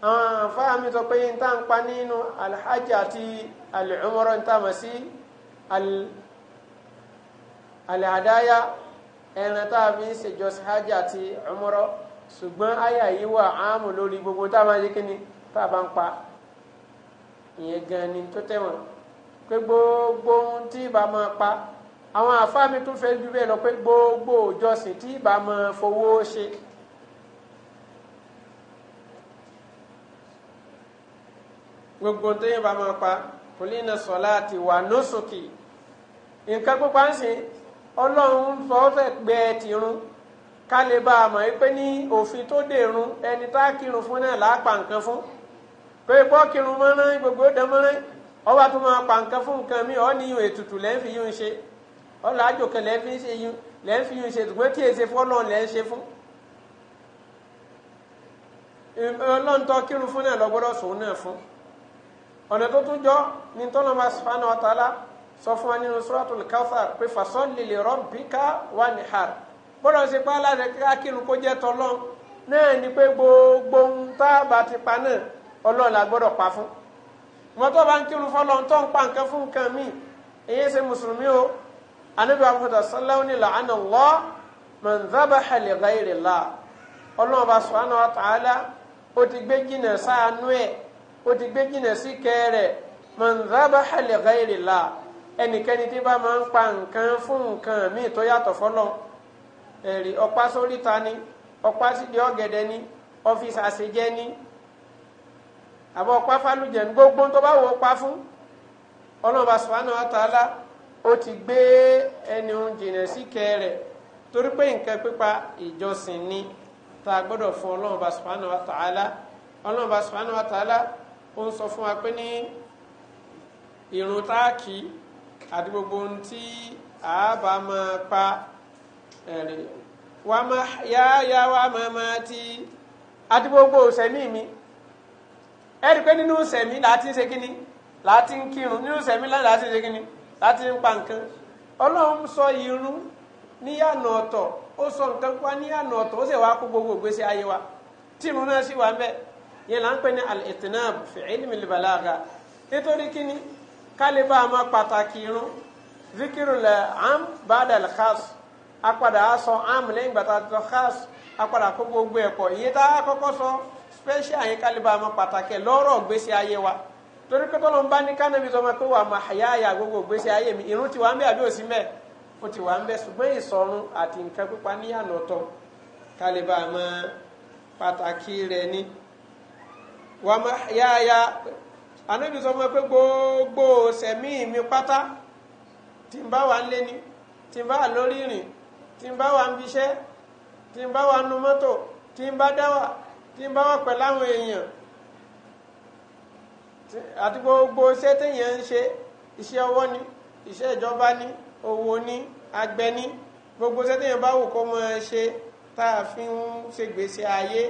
àwọn fáàmì sọ pé n tá n pa nínú alhaji àti al'umara n tá mọ̀ sí alhadaya ẹran tá a fi ń ṣèjọsìn hajj àti umara ṣùgbọ́n àyà yìí wà áàmù lórí gbogbo tá a máa ṣe kíni tá bá ń pa ìyẹn gan ni tó tẹ̀wọ̀n pé gbogbo ohun tí ìbá máa pa àwọn àfáàmì tún fẹ́ ju bẹ́ẹ̀ lọ pé gbogbo ìjọsìn tí ìbá máa fowó ṣe. gbogbo tó yẹn bá máa pa sọlá sọláàtì wà nósòkì nǹkan pípa ń ṣe ọlọ́run ń fọ́ fẹ́ ti run ká lè bá a mọ̀ pé ní òfin tó dèrun ẹni tá kírun fún náà fún pé kírun mọ́rán gbogbo dán mọ́rán ọba tó máa pa nǹkan fún nǹkan mi ọ́ ní ètùtù lẹ́ ń fi yún ṣe àjòkè lẹ́ fi yún lẹ́ ń fi yún ṣe ṣùgbọ́n tí èsè ọ̀nà tó tún jọ ní tọ́lọ́mà subhanahu wa ta'ala sọ fún wa nínú suratul Kawthar pé fasalli li rabbika wanhar bọ́dọ̀ ṣe pa aláṣẹ kákìrún kó jẹ́ tọ́lọ́ náà ni pé gbogbo ohun tá a bá ti pa náà ọlọ́run la gbọ́dọ̀ pa fún wọn tó bá ń kírun fọlọ́ tó ń pa nǹkan fún nǹkan míì èyí ṣe mùsùlùmí o anábì àbúkọ̀tà sallahu ní la'ana Allah man dhabaha li ọlọ́run bá subhanahu ó ti gbé jìnnà sí kẹrẹ mọ̀nzábà hàlẹ̀ gáìrì la ẹnikẹ́ni tí bá máa ń pa nǹkan fún nǹkan míì tó yàtọ̀ fọlọ́ ni ọ̀pá sídìí ni ọ́fíìsì àṣejẹ́ ni àbọ̀ ọ̀pá fálùjẹ̀ ní gbogbo tó bá wò ó fún ọlọ́ọ̀bà sùpánà àtàlà ti gbé ẹni ohun sí kẹrẹ torí pé nǹkan pípa ìjọsìn ni tá a fún ó ń sọ fún wa pé ní ìrun táàkì àti gbogbo ohun tí àábà máa pa ẹ̀rìn wa ma wa ma ti àti gbogbo mi ẹ̀rí pé nínú òsẹ̀mí láti ń ṣe kíni láti ń kírun nínú òsẹ̀mí láti ń sọ irun níyànà ọ̀tọ̀ ó sọ nǹkan pa níyànà ọ̀tọ̀ ó sì wá kó gbogbo ayé wa tí irun náà sì wà ń bẹ́ẹ̀. yẹn là ń pè ní al-itinab fi ilmi al-balaga nítorí kíni kálíbà máa pàtàkì irun zikiru lẹ am bada al-khas apadà á sọ am lẹ́yìn gbàtà tó khas apadà kó gbogbo ẹ̀kọ́ iye tá a special yẹn kálíbà máa pàtàkì lọ́rọ̀ gbèsè ayé wa torí pé tọ́lọ́ ń bá ní kánàbí sọ ma pé wà máa yá gbogbo gbèsè ayé mi irun ti wà ń bẹ àbí òsì mẹ́ẹ̀ ó ti wà ń bẹ ṣùgbọ́n ìsọ̀run àti nǹkan pípa níyànà ọ̀tọ̀ kálíbà máa pàtàkì rẹ̀ ni wà má yáyá anábì sọ fún pé gbogbo sẹ̀mí mi pátá tí n bá wà ń lé ní tí n bá wà lórí ìrìn tí n bá wà ń bíṣẹ́ tí n bá wà nu mọ́tò tí n bá dá wà tí n bá wà pẹ̀lú àwọn èèyàn àti gbogbo iṣẹ́ téèyàn ń ṣe iṣẹ́ ọwọ́ ni iṣẹ́ ìjọba ni owó ni àgbẹ̀ ni gbogbo iṣẹ́ téèyàn bá wù kó máa ṣe tá a fi ń ṣègbésí ayé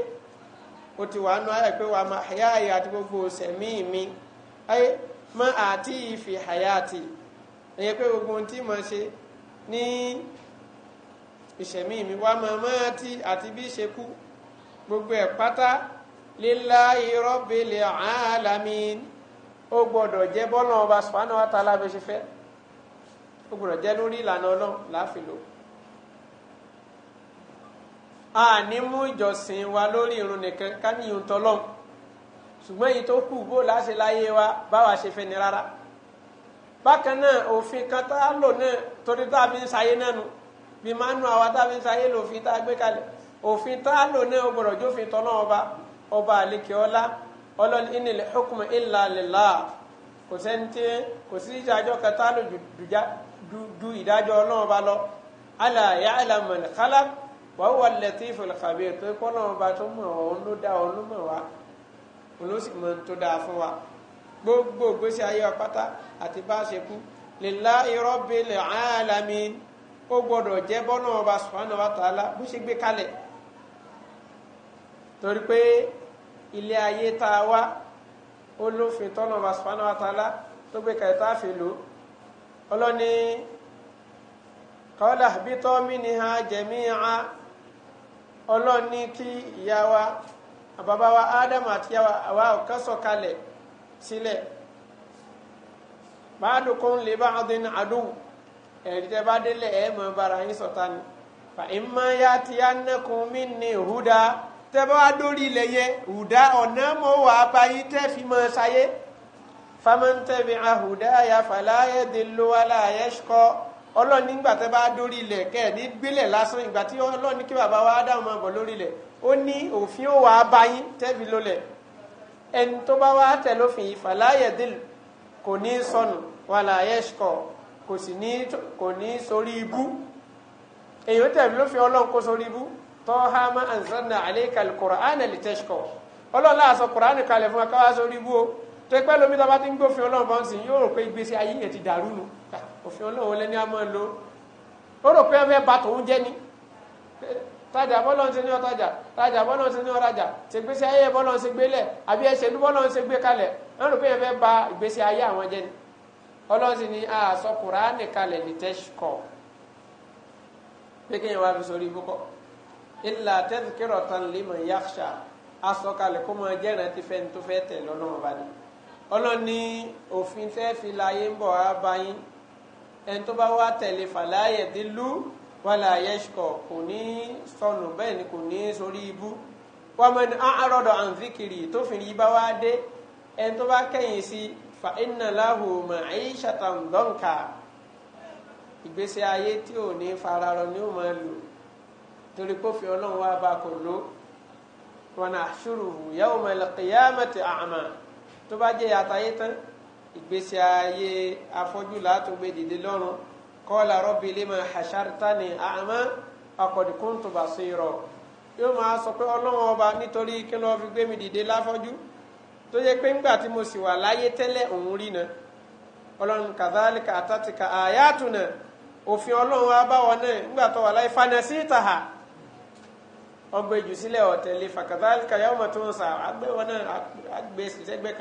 ó ti wà nù ayé pé wà má hayáyé àti gbogbo sẹ̀mí mi ayé má àti ìfì hayáàtì ẹ̀yẹ pé gbogbo ohun tí mo ṣe ní ìṣẹ̀mí mi wà má má ti àti bí ṣe kú gbogbo ẹ̀ pátá lillahi rabbil alamin ó gbọ́dọ̀ jẹ́ bọ́lá ọba subhanahu wa bẹ́ẹ̀ ṣe fẹ́ ó gbọ́dọ̀ jẹ́ lórí ìlànà ọlọ́run láàfin a ní mú ìjọsìn wa lórí irun nìkan ká ní ìhun tọ́lọ́hún ṣùgbọ́n èyí tó kù bó láṣẹ láyé wa báwa ṣe fẹ́ ni rárá bákan náà òfin kan tá a lò náà torí tá a fi ń ṣayé náà nu bí máa ń nu àwa tá a fi ń ṣayé lòfin tá a gbé kalẹ̀ òfin tá a lò náà ó gbọ́dọ̀ jófin tọ́lọ́hún ọba ọba àlekè ọlá ọlọ́ni inil hukmu illa lillah kò sẹ́ńtì kò sí ìdájọ́ kan tá a lò ju ìdájọ́ ọlọ́run ọba lọ ala ya'lamu man wa huwa al-latiful khabir tó kọ́ náà ọba tó mọ̀ ọ́n ló dá ọ́n ló mọ̀ wá òun ló sì mọ̀ tó dáa fún wa gbogbo gbèsè ayé ọpátá àti bá a ṣe kú lillahi rabbil alamin ó gbọ́dọ̀ jẹ́ bọ́nà ọba subhanahu wa ta'ala bó ṣe gbé kalẹ̀ torí pé ilé ayé tá a wá ó lófin tọ́nà ọba subhanahu wa ta'ala tó gbé kalẹ̀ tá a fi lò ọlọ́ni qala ihbitu minha jami'a ọlọ́run ní kí ìyá wa bàbá wa ádámù àti ìyá wa àwa ọ̀kan sọ̀kalẹ̀ sílẹ̀ báàdùkún lè bá ọdún àdúgbò ẹ̀rí tẹ́ bá délẹ̀ ẹ̀ mọ̀ bára yín sọ̀tá ni fa ìmọ̀ ya ti yá nẹ́kun mí ní hùdá tẹ́ bá ilẹ̀ yẹn hùdá ọ̀nà mọ̀ wà báyìí tẹ́ fi mọ̀ ṣayé faman tabi'a hudaya fala yadillu wala yashqa ọlọ́run nígbà tẹ́ bá dórí ilẹ̀ kẹ́ ẹ̀ ní gbélẹ̀ lásán ìgbà tí ọlọ́run ní kí bàbá wa ádámù máa bọ̀ lórí ilẹ̀ ó ní òfin ó wà á bá yín tẹ́bi lólẹ̀ ẹni tó bá wá tẹ̀ lófin yìí fàlàyédèl kò ní sọnù wàlà yẹ́ṣkọ̀ kò sì ní kò ní sórí ibú èyí ó tẹ̀bi lófin ọlọ́run kó sórí ibú tọ́hámà anzanna alayka al-Qur'ana litashqa ọlọ́run kalẹ̀ fún wa káwá sórí ibú ọlọ́run bá ń sìn yóò rò pé ìgbésí òfin ọlọ́run lẹ́ni àmọ́ ń ó rò pé ẹ̀fẹ́ bá tòun jẹ́ ni tajà bọ́lọ̀ ń ṣe ní ọtajà tajà bọ́lọ̀ ń ṣe ní ọrajà ṣègbésí ayé bọ́lọ̀ ń ṣe gbélẹ̀ àbí ẹ̀ṣẹ̀lú bọ́lọ̀ ń ṣe gbé kalẹ̀ wọ́n rò pé ẹ̀fẹ́ ba ìgbésí ayé àwọn jẹ́ ni ọlọ́run sì ni àṣọ kùránì kalẹ̀ ní tẹ́ṣkọ̀ pé kéèyàn wá fi sórí ibú kọ́ ilà tadhkiratan liman yakhsha aṣọ kalẹ̀ kó máa jẹ́ràn ti fẹ́ni tó fẹ́ tẹ̀ lọ́nà ọ̀bá ni ọlọ́ni òfin tẹ́ fi láyé ń bọ̀ á báyìí ẹni tó bá wá tẹ̀lé fàlàyé dìlú wàlà yẹ́ṣkọ̀ kò ní sọnù bẹ́ẹ̀ ni kò ní sórí ibú wọ́n mọ ní àárọ̀dọ̀ àǹfíkiri tó fi rí bá wá dé ẹni tó bá kẹ́yìn sí fa inna lahu ma'ishatan dhanka ìgbésí ayé tí ò ní fararọ ni ó máa lò torí kó fi ọlọ́run wá bá kò lò wa nahshuruhu yawma al-qiyamati a'ma tó bá jẹ́ yàtàyé tán ìgbésí ayé afọ́jú látògbé dìde lọ́rùn kọ́lá rọ́bì lima hashartani àmọ́ akọ̀dìkúntù basira yóò máa sọ pé ọlọ́run ọba nítorí kí lọ́ọ́ fi gbé mi dìde láfọ́jú tó yẹ pé ńgbà tí mo sì wà láyé tẹ́lẹ̀ òun rí na ọlọ́run kàdálíkà àtàtìkà àyàtúnà òfin ọlọ́run abáwọ náà ńgbà tó wà láyé fanasi ìtàhà ọgbẹ́jù sílẹ̀ ọ̀tẹ̀lẹ̀ fàkàdálíkà yawma tunsa àgbẹ̀wọ̀ náà àgbẹ̀ sẹ́gbẹ̀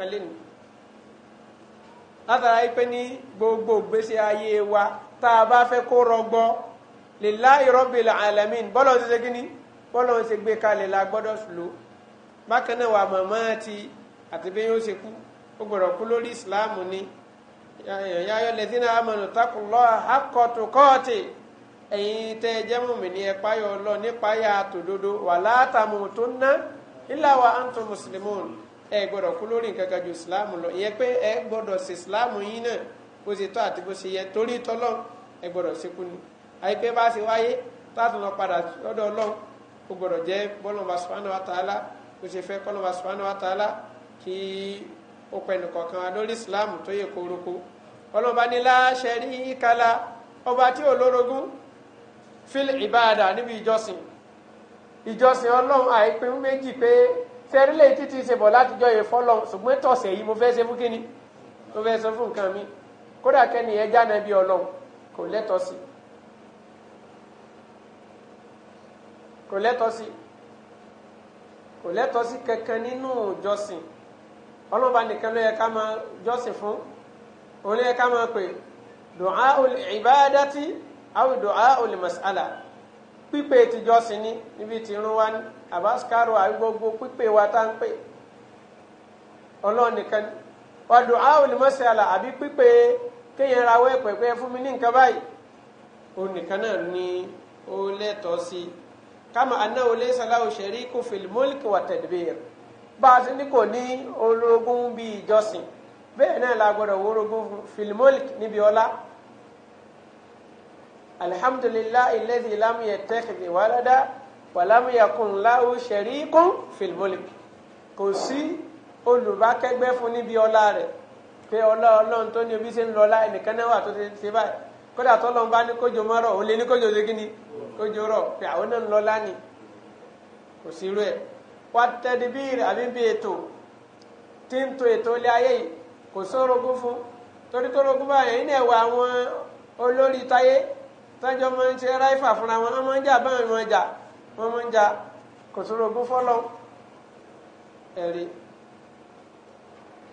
látara yìí pé ní gbogbo gbèsè ayé wa tá a bá fẹ́ kó rọgbọ lillahi rabbil alamin bọ́lọ̀ ṣe ṣe kíní bọ́lọ̀ ṣe gbé kalẹ̀ la gbọ́dọ̀ lò bákan náà wà màmá ti àti bí yóò ṣe kú ó gbọ́dọ̀ kú lórí ìsìláàmù ni ya ayyuha alladhina amanu taqullaha haqqa tuqati ẹ̀yin tẹ́ ẹ jẹ́ mùmínì ẹ páyọ̀ Ọlọ́run nípa yà tòdodo wala tamutunna illa wa antum muslimun ẹ gbọ́dọ̀ kú lórí nǹkan kan ju islam lọ ìyẹn pé ẹ gbọ́dọ̀ sí islam yín náà bó ṣe tọ́ àti bó ṣe yẹ torí tọ́lọ́ ẹ gbọ́dọ̀ ṣekú ni àìpé bá ṣe wáyé láti lọ padà lọ́dọ̀ ọlọ́run ó gbọ́dọ̀ jẹ́ bọ́lọ́mà subhanahu wa ta'ala bó ṣe fẹ́ kọ́lọ́mà subhanahu wa ta'ala kí ó pẹ̀lú kọ̀ọ̀kan wa lórí islam tó yẹ kóroko ọlọ́ba ní la sharika la ọba tí ò lórogún fil ibada níbi ìjọsìn ìjọsìn ọlọ́run àìpín méjì pé sẹ́rílẹ̀ títí ṣe bọ̀ látijọ́ yẹn fọ́lọ́ ṣùgbọ́n tọ̀sẹ̀ yìí mo fẹ́ ṣe fún kínní mo fẹ́ ṣe fún nǹkan mi kódà kẹ́ni ẹ jáde bí ọlọ́run kò lẹ́tọ̀ọ́ sí kò lẹ́tọ̀ọ́ sí kò lẹ́tọ̀ọ́ sí kankan nínú ìjọsìn ọlọ́ba nìkan ló yẹ ká máa jọ́sìn fún òun ló yẹ ká máa pè dùnà ìbádàtì àwọn dùnà olùmọ̀sálà pípé tìjọsìn ní níbi tìrún wá ní àbáṣkárò àbí gbogbo pípé wa tá ń pè ọlọ́run nìkan ni ọdún àwọn olùmọ̀ọ́sẹ̀ àlà àbí pípé kéèyàn ra wẹ́ pẹ̀pẹ́ fún mi ní nǹkan báyìí òun nìkan náà ni ó lẹ́tọ̀ọ́ sí i kama anáwó laysa lahu shariku fil mulki wa tadbir bá a ti ní kò ní orogún bí ìjọsìn bẹ́ẹ̀ náà la gbọ́dọ̀ worogún fil mulki níbi ọlá alhamdulillahi alladhi lam yattakhidh walada wàlámùyàkùn láwù sharikun fil mulk kò sí olùbákẹ́gbẹ́ fún níbi ọlá rẹ̀ pé ọlá ọlọ́run tó ní obi ṣe ń lọ ọlá ẹnìkan náà wà tó ti ṣe báyìí kódà tó lọ́n bá ní kójò mọ́ rọ̀ ó ní kójò ṣe kí ni kójò rọ̀ pé àwọn náà ń lọ ọlá ni kò sí irú ẹ̀ wá tẹ́lẹ̀ bí àbí bí ètò tí ń to ètò ilé ayé yìí kò sórogún fún torí tó rogún báyìí ní ẹ̀wọ̀ àwọn olórí táyé tọ́jọ́ máa ń ṣe ráìfà fúnra wọn wọ́n máa ń jà báyìí wọn jà wọ́n mọ́ ń ja kò sóró ogún fọ́lọ́ ẹ̀rí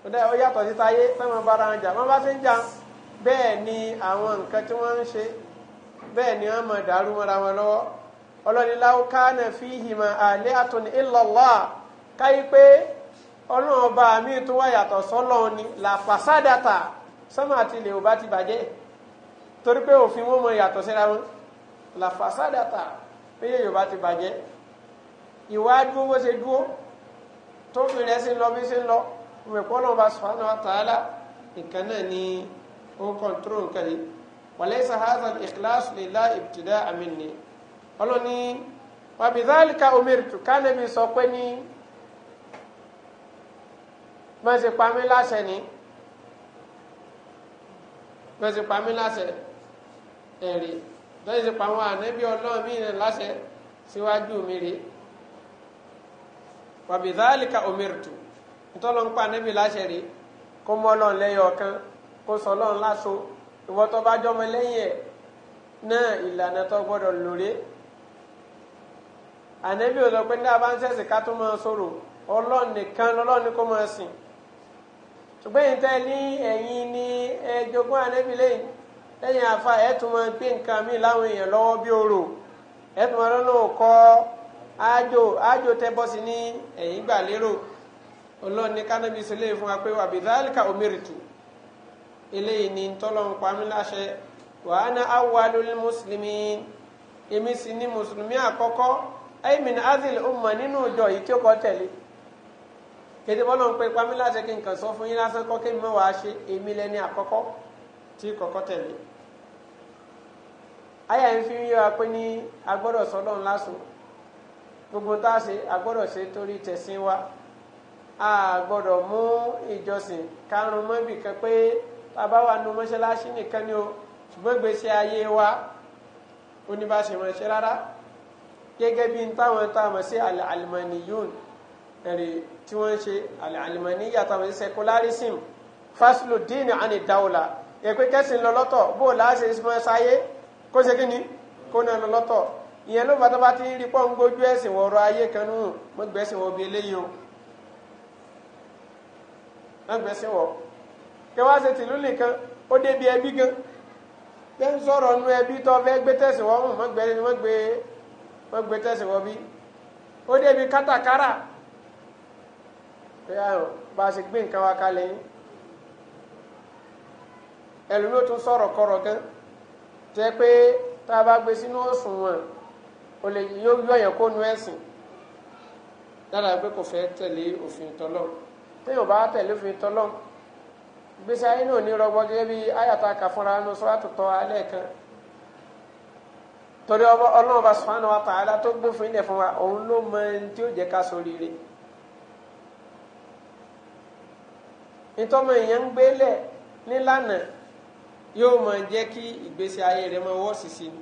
ó yàtọ̀ sí táyé sẹ́wọ̀n bára ń jà wọ́n bá ti ń jà bẹ́ẹ̀ ni àwọn nǹkan tí wọ́n ń ṣe bẹ́ẹ̀ ni wọ́n mọ̀ dàrú mọ́ra wọn lọ́wọ́ ọlọ́ni láwùkánà fi hìmà àlẹ́ àtúnì ìlọ́lá káyí pé ọlọ́run ọba mi tó wá yàtọ̀ sọ́lọ́ ni làfàsádàtà sọ́mà àti ilẹ̀ ò bá ti bàjẹ́ torí pé òfin wọn mọ yàtọ̀ síra wọn làfàsádàtà péye yorùbá ti bàjẹ́ ìwà dúró bó ṣe dúró tófin rẹ̀ ṣe ń lọ bí ṣe ń lọ ìmọ̀pọ̀ náà bá subhanahu wa ta'ala nǹkan náà ni ó kọ̀ǹtúrò nǹkan yìí walaysa hadha al-ikhlas lillahi ibtida'an minni ọlọ́ni wa bidhalika umirtu kánẹ́bí sọ pé ní bẹ́ẹ̀ láṣẹ ni bẹ́ẹ̀ láṣẹ ẹ̀rí. lọ́yìn ti pa àwọn ọlọ́run mí náà láṣẹ síwájú mi rèé wàbíðálìkà omirtu ntọ́lọ́ pa ànábì láṣẹ rí kó mọ́ lẹ́yìn ọ̀kan kó sọ láṣọ bá jọmọ lẹ́yìn ẹ̀ náà ìlànà tó gbọ́dọ̀ lórí ní abánsẹ́sì ká tó máa lẹ́yìn afa ẹ̀ tún máa nǹkan mi láwọn èèyàn lọ́wọ́ bí orò ẹ̀ lọ́nà kọ́ ájò ájò tẹ́ ní ẹ̀yìn gbà lérò ọlọ́run ní wa pé wàbí dálíkà omiritu eléyìí ni tọ́lọ́run láṣẹ wàá ná ni mùsùlùmí àkọ́kọ́ azil umma nínú ìjọ yìí tí ó kọ́ tẹ̀lé pamí kí àyà ń fi yé wa pé ní agbọ́dọ̀ sọ́lọ́run lásùn gbogbo tá a ṣe agbọ́dọ̀ ṣe torí tẹ̀sìn wa a gbọ́dọ̀ mú ìjọsìn karùn-ún mọ́bì kan pé bàbá wa nu mọ́ṣáláṣí nìkan ni o ṣùgbọ́n gbèsè ayé wa oníbàṣẹ mọ̀ṣẹ́ rárá gẹ́gẹ́ bí táwọn táwọn sí al-almaniyun ẹ̀rì tí wọ́n ń ṣe al-almaniyya táwọn sí secularism fasludin ani dawla ẹ̀pẹ́ kẹ́sìn lọ́lọ́tọ̀ bó o láṣẹ ìsúnmọ́ sáyé kó ṣe kí ni kó náà lọ lọ́tọ̀ ìyẹn ló bàtà bá ti ń rí pọ́ ń gbójú ẹ̀sìn wọ̀ ọ̀rọ̀ ayé kan nù mọ́ gbẹ̀sìn wọ̀ bí eléyìí o mọ́ gbẹ̀sìn wọ̀ kẹwàá ṣe tìlú nìkan ó débi ẹbí gan tẹ́ ń sọ̀rọ̀ nu ẹbí tó fẹ́ gbé tẹ̀sìn wọ́ mọ́ gbẹ mọ́ gbé tẹ̀sìn wọ́ bí ó débi kátàkárà bá a ṣe gbé nǹkan wa kalẹ̀ yín ẹlòmíràn tún sọ̀rọ̀ kọ̀rọ̀ gan tẹ́ pé tá a bá gbé sínú wọn o lè yóò yọ yẹn kó nu ẹ̀sìn dáadáa pé kò fẹ́ tẹ̀lé òfin tọ́lọ́ téèyàn bá tẹ̀lé òfin tọ́lọ́ gbèsè ayé náà ní rọgbọ gẹ́gẹ́ bí ayàtà fúnra nu sọ́ra alẹ́ kan torí ọlọ́run bá wa tó gbófin fún wa òun ló mọ ẹni yóò máa jẹ́ kí ìgbésí ayé rẹ̀ máa wọ́ sísí ni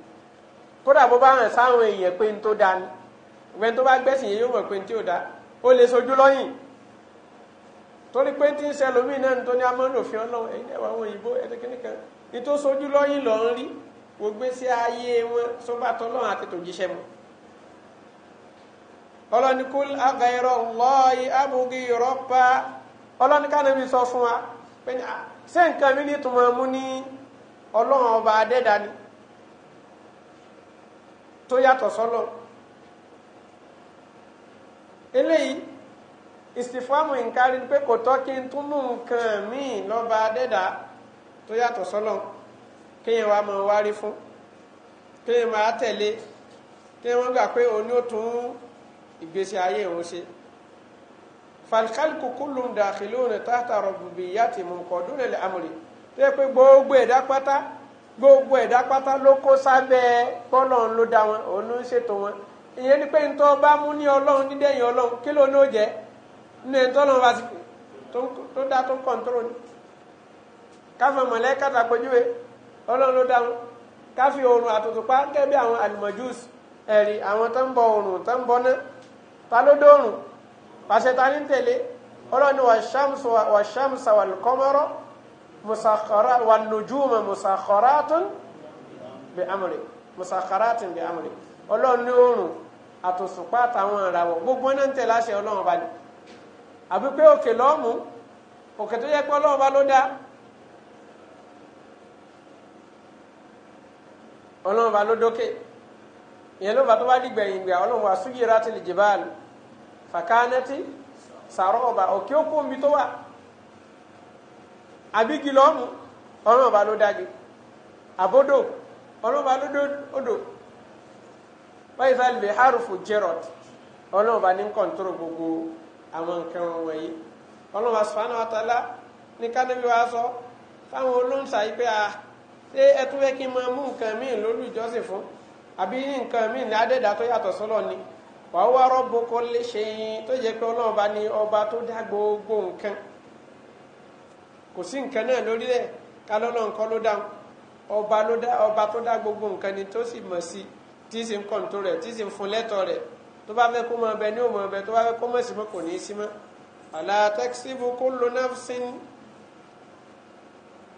kódà bó bá hàn sáwọn èèyàn pé n tó da ni ìgbẹ́ni tó bá gbẹ̀sìn yẹn yóò mọ̀ pé n tí ò da ó lè sojú lọ́yìn torí pé tí ń ṣe náà tó ní amọ́nòfin ọlọ́run ẹ̀yin ẹ̀wà àwọn òyìnbó ẹ̀dẹ́kẹ́ni kan ní tó sojú lọ́yìn lọ́ ń rí wò gbèsè ayé wọn sọ́bàtọ́ lọ́run àti tòjíṣẹ́ mu. ọlọ́ni kul aghayra Allahi abghi rabba ọlọ́ni kánàbí sọ fún wa pé ṣé nǹkan mi ní tùmọ̀ mú ní ọlọ́run ọba adẹ́dá ni tó yàtọ̀ sọ́lọ́ eléyìí ìsìfọ́mù ìkárí pé kò tọ́ kí n tún mú nǹkan míì lọ́ba adẹ́dá tó yàtọ̀ sọ́lọ́ kéèyàn wá máa wárí fún kéèyàn máa tẹ̀lé kéèyàn wọ́n gbà pé òun ni tún ìgbésí ayé òun ṣe falkalku kullum dakhiluna tahta rububiyyati mun qaduna al-amri tó yẹ pé gbogbo ẹ̀dá pátá gbogbo ẹ̀dá pátá ló kó sábẹ́ pọ́lọ́run ló dá wọn òun ló ń ṣètò wọn ìyẹn ni pé nítorí ọba mú ní ọlọ́run nídẹ̀yìn ọlọ́run kí ló ní ó jẹ́ nínú ẹni tó lọ́run bá ti tó dá tó ń kọ̀ǹtóró ni káfí mọ̀lẹ́kà tàpéjúwe ọlọ́run ló dá wọn káfí oòrùn àtòtòpá kẹ́bí àwọn alimọ̀júùs ẹ̀rí àwọn tó ń bọ oòrùn tó ń bọ ta ló dóòrùn pàṣẹ ta ní tẹ̀lé ọlọ́run wàṣàmùsà wàlùkọ́mọ́rọ́ مسخرات والنجوم مسخرات بأمره مسخرات بأمره ọlọ́run ní oòrùn àtòsùpá àtàwọn ìràwọ̀ gbogbo iná ń tẹ̀ láṣẹ ọlọ́run ọba ni àbí pé òkè lọ́ọ̀mù òkè tó yẹ pé ọlọ́run ọba ló dá ọlọ́run ọba ló dókè ìyẹn ló bá tó bá dìgbẹ̀yìn gbà ọlọ́run wa suyiratil jibal fakanati sàrọ̀ ọba òkè ó kó omi àbígi lọ́mù ọ̀rọ̀ ọba ló dági àbódò ọ̀rọ̀ ọba ló dòdò wáyé lè harufu jerot ọ̀rọ̀ ọba ní gbogbo àwọn nǹkan wọ̀nyí ọ̀rọ̀ ọba ní kánábí wa sọ fáwọn olóńsà yìí pé a ṣé ẹ tún fẹ́ kí n máa mú fún àbí nǹkan míì ní tó yàtọ̀ ni wàá wá rọ́bù ṣe tó gbogbo nǹkan kò sí nǹkan náà lórílẹ̀ kálọ́lọ́ nǹkan ló dá ọba ló dá ọba tó dá gbogbo nǹkan ni tó sì mọ̀ sí tí sì ń kọ̀ǹtò rẹ̀ tí sì ń fún lẹ́tọ̀ rẹ̀ tó bá fẹ́ kó mọ ọbẹ̀ ní òmò ọbẹ̀ tó bá fẹ́ kó mọ̀ sí mọ́ kò ní í sí mọ́ wàlá tẹ́kisìbù kullu nafsin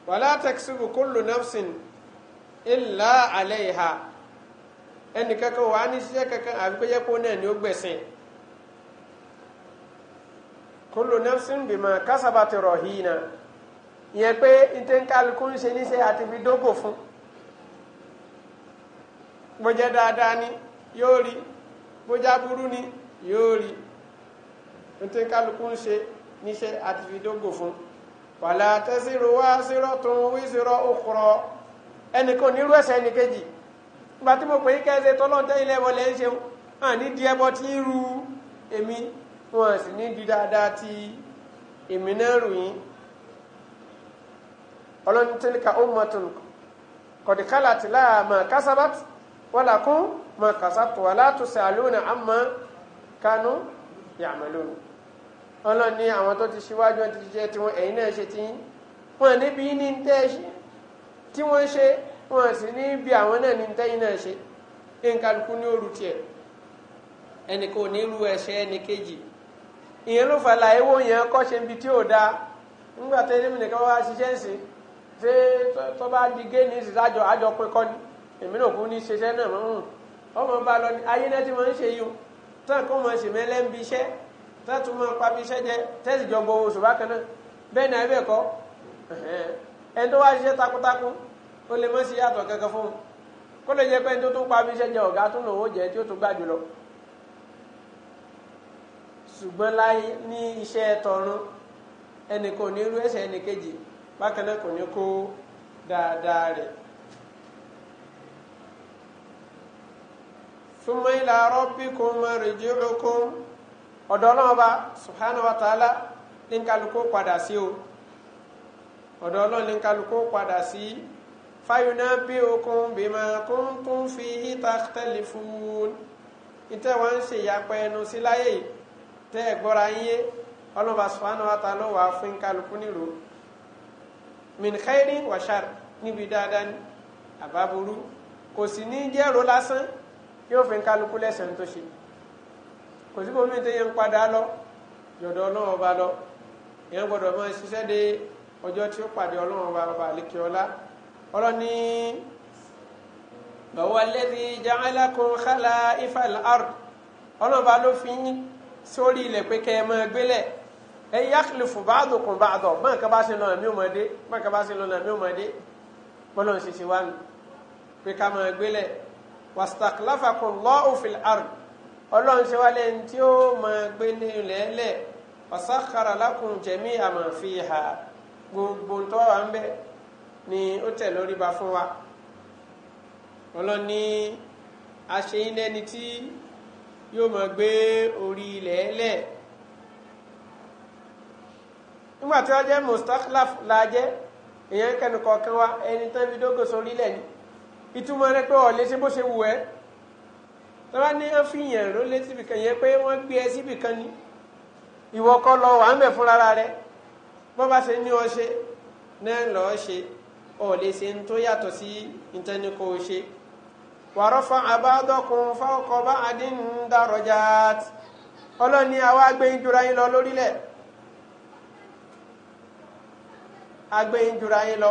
wàlá tẹ́kisìbù kullu nafsin ẹnì kankan wà á ní iṣẹ́ kankan àbí pé yẹ náà ni ó gbẹ̀sìn kullu nafsin bima kasabati rahina ìyẹn pé ntẹ́ńkálukú ń ṣe níṣẹ́ àti fi dógò fún bójẹ́ dáadáa ni yóò rí bójá burú ni yóò rí ntẹ́ńkálukú ń ṣe níṣẹ́ àti fi dógò fún wàlá tẹ́sírò wá sírò tún wí sírò òkúrọ̀ ẹnìkan onírú ẹ̀sẹ̀ ẹnìkejì nígbà tí mo pè é kẹ́sẹ̀ tọ́lọ́ntẹ́ ilé ẹ̀wọ̀ lẹ́yìn ṣeun hàn ní di ẹbọ tí ń ru èmi wọn sì ní di dáadáa ti èmi náà rù yín ọlọ́ni tilka ummatun kọ̀dìkálà ti láà ma kásábàt wàlà kún ma kásàtò wàlà tó sàlùnà àmà kánú yàmàlónù ọlọ́ni àwọn tó ti ṣíwájú ti jẹ́ tí wọ́n ẹ̀yìn náà ṣe ti yín wọn níbi ní tẹ́ ṣe tí wọ́n ṣe wọn sì ní bí àwọn náà ní tẹ́yìn náà ṣe nkálukú ní òru tiẹ̀ ẹnì kò ní lu ẹ̀ṣẹ̀ ẹnì kejì ìyẹn ló fà láyé wọ́n yẹn kọ́ ṣe ń bi tí ò dáa nígbà tẹ́lẹ̀ mi ṣiṣẹ́ ń sìn ṣé tó bá di gé ní sísá àjọ àjọ pé kọ́ ni èmi náà kú ní ṣiṣẹ́ náà mọ́ hùn ọmọ bá lọ ní ayé náà tí mo ń ṣe yìí o tán kó mọ̀ sí mẹ́lẹ́ ń bi iṣẹ́ tán tún mọ̀ pa bí iṣẹ́ jẹ tẹ́sí jọ gbowó oṣù bákan náà bẹ́ẹ̀ ni àbẹ̀ kọ́ ẹni tó wá ṣiṣẹ́ takuntakun ó lè mọ̀ sí yàtọ̀ kankan fún un kó lè jẹ́ pé ẹni tó tún pa bí iṣẹ́ jẹ ọ̀gá tún lòun ó jẹ tí ó tún gbà jùlọ ṣùgbọ́n láyé ní iṣẹ́ tọ̀run ẹnì kò ní irú ẹ̀ṣẹ̀ ẹnì kejì bákan náà kò ní kó dáadáa rẹ̀ summa ila rabbikum marji'ukum ọ̀dọ̀ Ọlọ́run bá subhanahu wa ta'ala ní padà sí o ọ̀dọ̀ Ọlọ́run ní kálukú padà sí fayunabbi'ukum bima kuntum fihi takhtalifun ìtẹ́ wọn ń ṣe ìyapẹ́ ẹnu sí láyé tẹ́ ẹ̀ yín yé Ọlọ́run bá subhanahu wa ta'ala wà fún kálukú nírò min khairin wa shar níbi dáadáa ní àbábúrú kò sì ní jẹ́rò lásán yóò fi kálukú lẹ́sẹ̀ tó ṣe kò sí bómi tó yẹn ń padà lọ yọ̀dọ̀ ọlọ́run ọba lọ èèyàn gbọ́dọ̀ máa ṣiṣẹ́ de ọjọ́ tí ó pàdé ọlọ́run ọba ọba àlékè ọlá ọlọ́ni lọ́wọ́ alladhi ja'alakum khala'ifal ard ọlọ́run ọba ló fi yín sórí ilẹ̀ pé kẹ́ ẹ máa gbélẹ̀ ẹ yakhlifu ba'dukum ba'dan bọ́n kaba ṣe lọ́nà mi ò mọ̀ dé bọ́n kaba ṣe lọ́nà mi ò mọ̀ dé bọ́lọ̀ ṣe ṣe wá nù pé ká máa gbélẹ̀ wastaklafakumullahu fil ard ọlọ́run ṣe wá lẹ́yìn tí ó máa gbé ní ilẹ̀ lẹ̀ wasakhara lakum jami'a ma fiha gbogbo tó wà ń bẹ ni ó tẹ̀ lórí ba fún wa ọlọ́run ní aṣeyín lẹ́ni tí yóò máa gbé orí ilẹ̀ lẹ̀ nígbà tí wọ́n jẹ́ mustakhlaf la jẹ́ èèyàn kẹnu kọ̀ọ̀kan wa ẹni tán fi dógò sórí lẹ̀ ni ìtumọ̀ rẹ pé ọ̀lẹ́ ṣe bó ṣe wù ẹ́ tó bá ní wọ́n fi yàn ló lé síbi kan yẹn pé wọ́n gbé ẹ síbi kan ni ìwọ kọ́ lọ wà ń bẹ̀ fúnra rẹ bó bá ṣe ní ọ ṣe náà lọ́ọ́ ṣe ọ̀lẹ́ ṣe ń tó yàtọ̀ sí ìtẹ́nikọ́ ṣe wàrọ́fà àbádọ́kùn fáwọkọ̀ bá àdín ń dárọjà ọlọ́ni àwa gbé ìjọra yín lọ lórílẹ̀ agbẹ́yìn jura yín lọ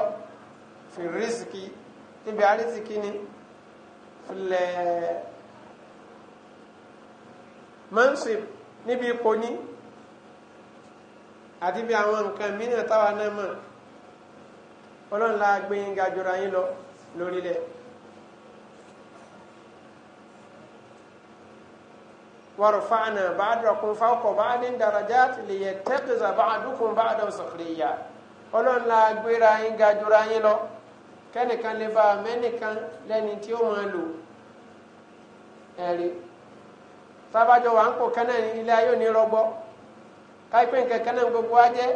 fi rísìkì níbi àrísìkì ni filẹ̀ mansip níbi ipò ní àti bí àwọn nǹkan mìíràn táwa náà mọ̀ ọlọ́run la agbẹ́yìn ga jura yín lọ lórílẹ̀. ورفعنا بعضكم فوق بعض درجات ليتخذ بعضكم بعضا سخريا ọlọ́run la gbéra yín ga jura yín lọ kẹ́nìkan lè bá mẹ́nìkan lẹ́ni tí ó máa lò ẹ̀rí sábàjọ wà ń pò kánà ilé ayé òní rọgbọ káìpé nǹkan kánà gbogbo wa jẹ́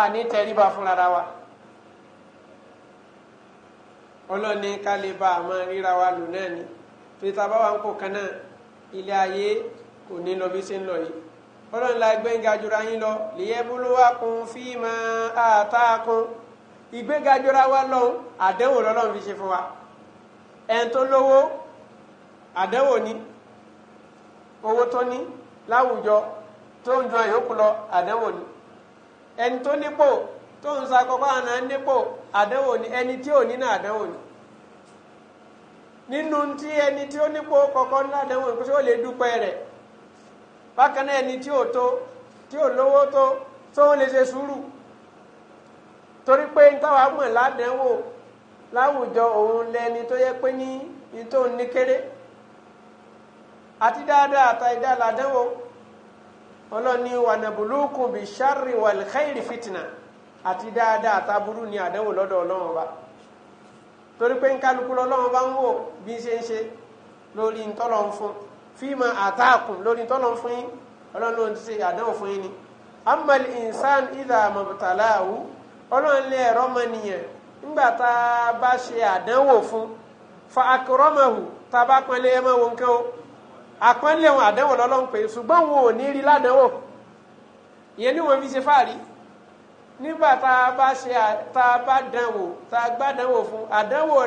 àní tẹríba fúnra wa ọlọ́ni ká lè bá máa ríra wa lò náà ni pété tá wà ń pò kánà ilé ayé kò lọ bí ṣe ń lọ yìí ọlọ́run la gbẹ̀ngà jura yín lọ liyabluwakum fima ataakum ìgbéga jura wa lọ́hùn àdẹ́wò lọ́lọ́run fi ṣe fún wa ẹn tó lówó àdẹ́wò ni owó tó ní láwùjọ tó ń jọ ìyókù lọ àdẹ́wò ni ẹni tó nípò tó ń sakọ́kọ́ àná nípò àdẹ́wò ni ẹni tí ò ní náà àdẹ́wò ni nínú tí ẹni tí ó nípò kọ̀ọ̀kan ládẹ́wò ni kó ṣe ó lè dúpẹ́ rẹ̀ bákan náà ẹni tí ò tó tí ò lówó tó tó ń lè ṣe sùúrù torí pé táwa mọ̀ ládẹ́wò láwùjọ òun lẹni tó yẹ pé ní ìtò ní kéré àti dáadáa àtàìdá ládẹ́wò ọlọ́ni wànàbùlùkùn bí sáré wàlìkẹ́yìrì fìtìnà àti dáadáa àtàbúrú ni àdánwò lọ́dọ̀ ọlọ́run ọba torí pé ń kálukú lọ́lọ́run bá ń wò bí ṣe ń ṣe lórí ntọ́lọ́run fún un fíìmà àtàkùn lórí tọ́lọ́ fún yín ọlọ́run ti ṣe àdánwò fún yín ni amal insan idà lé ẹ̀rọ mọ́nìyàn nígbà tá bá ṣe fún fa akọrọmọhù tá a bá pọ́nlé ẹ wọn kẹ́ o àpọ́nlé wọn àdánwò lọ́lọ́run pé ṣùgbọ́n wọn ò ní rí ládánwò ìyẹn ni wọn fi ṣe fáàrí nígbà tá bá ṣe bá dánwò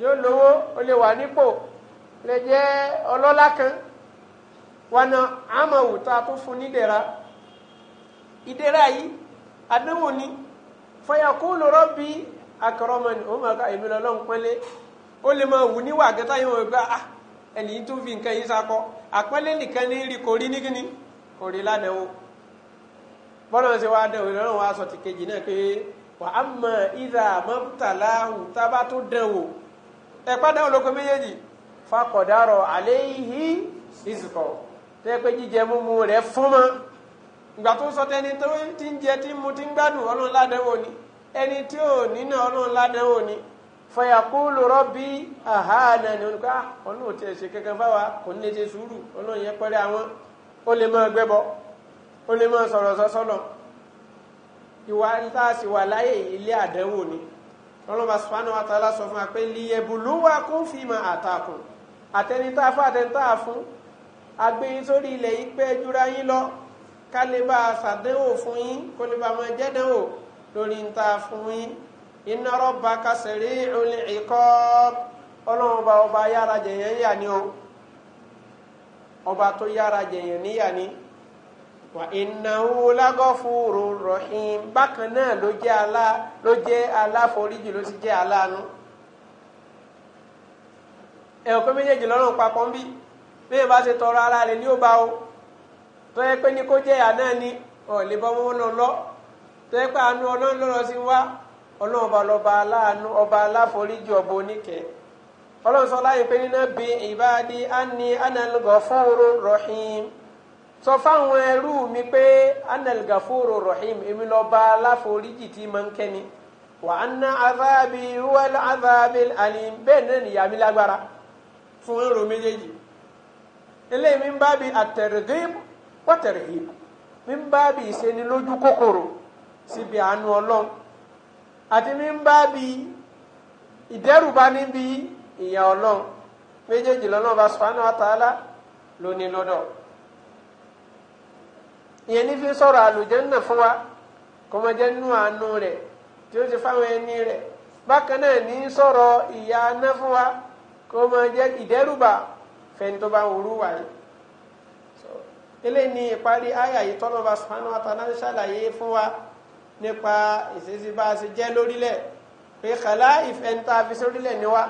yóò lówó ó lè wà nípò lè jẹ́ ọlọ́lá kan wọnà àmọ̀wò tá a tó fún nídẹ̀ra ìdẹ̀ra yìí àdéhùn ni fọyàkú lọ́rọ́ bí akọrọmọni ó máa ka èmi lọ́lọ́run pẹ́lẹ́ ó lè máa wù níwà gẹ́tà yìí wọ́n gbá ah ẹni tó fi nǹkan yìí sakọ àpẹ́lẹ́ nìkan ní rí kò rí nígínní kò rí lánàá o bọ́lá ṣe wá dẹ̀ òun lọ́rùn wá sọ kejì náà pé wà mọ ìdá mọ́tàlá hù tó dẹ̀ wò. ẹ̀pádà olóko méjèèjì fakọ̀dárọ̀ àléhì ìsìkọ̀ tó pé jíjẹ múmu rẹ̀ fún mọ́ ìgbà tó sọ tẹni tó ti ń jẹ tí mu ti ń gbádùn ọlọ́run ládẹ́wò ni ẹni tí ò nínú ọlọ́run ládẹ́wò ni fayakulu rọ́bì àhánà ni olùkọ́ ah, ọlọ́run ti ṣe kankan báwa kò ní ṣe sùúrù ọlọ́run yẹn pẹ́rẹ́ àwọn ó lè gbẹ́bọ ó lè lọ́lọ́ba subhanahu wa ta'ala sọ fún wa pé liyabluwakum fima atakum àtẹnitá fún àtẹnitá fún agbẹ́yìn sórí ilẹ̀ yìí pé jura yín lọ ká lè bá a ṣàdánwò fún yín kó lè bá a máa jẹ́dánwò lórí ń ta fún yín inna rabbaka sari'ul iqab ọlọ́run ọba ọba yára jẹ̀yẹ̀ yà ni ọ ọba tó yára jẹ̀yẹ̀ níyà ni. Yani wà innahu lágọ́fóró rọ̀hìn bákan náà ló jẹ́ ala ló jẹ́ aláforíjì ló sì jẹ́ aláàánú ẹ̀wọ̀n pé méjèèjì lọ́rùn papọ̀ ń bí tọrọ ara ní o pé ní kó ìyá ni ọ̀ lè bọ́ mọ́wọ́ náà lọ tó yẹ pé àánú ọlọ́run lọ́rọ̀ sí wá ọlọ́run ọba lọ́ba aláàánú ọba aláforíjì ọba oníkẹ́ ọlọ́run sọ láyé pé bí á ní sọ fáwọn ẹrú mi pé anal gafuru rahim èmi lọ bá aláforíjì tí máa ń kẹ́ni wà á ná azábi wal azábi alim bẹ́ẹ̀ náà nìyá mi lágbára fún èrò méjèèjì eléyìí mi ń bá bi at-targhib wa tarhib mi bá bi ìṣenilójú kòkòrò síbi àánú ọlọ́run àti mi bá bi ìdẹ́rùbá níbi ìyà ọlọ́run méjèèjì lọ́nà ọba subhanahu wa ta'ala lónìí lọ́dọ̀ ìyẹn ní fi sọ̀rọ̀ àlùjànnà fún wa kó máa jẹ́ nú àánú rẹ̀ tí ó ti fáwọn ẹni rẹ̀ bákan náà ní sọ̀rọ̀ ìyà aná fún wa kó máa jẹ́ ìdẹ́rùbà fẹ́ni tó bá ń wúrú wáyé eléyìí ní ìparí àyà yìí tọ́lọ́ba subhanahu wa ta'ala ń ṣàlàyé fún wa nípa ìṣesí bá a ṣe jẹ́ lórílẹ̀ pé kàlá ìfẹ́ntà fi sórílẹ̀ ni wá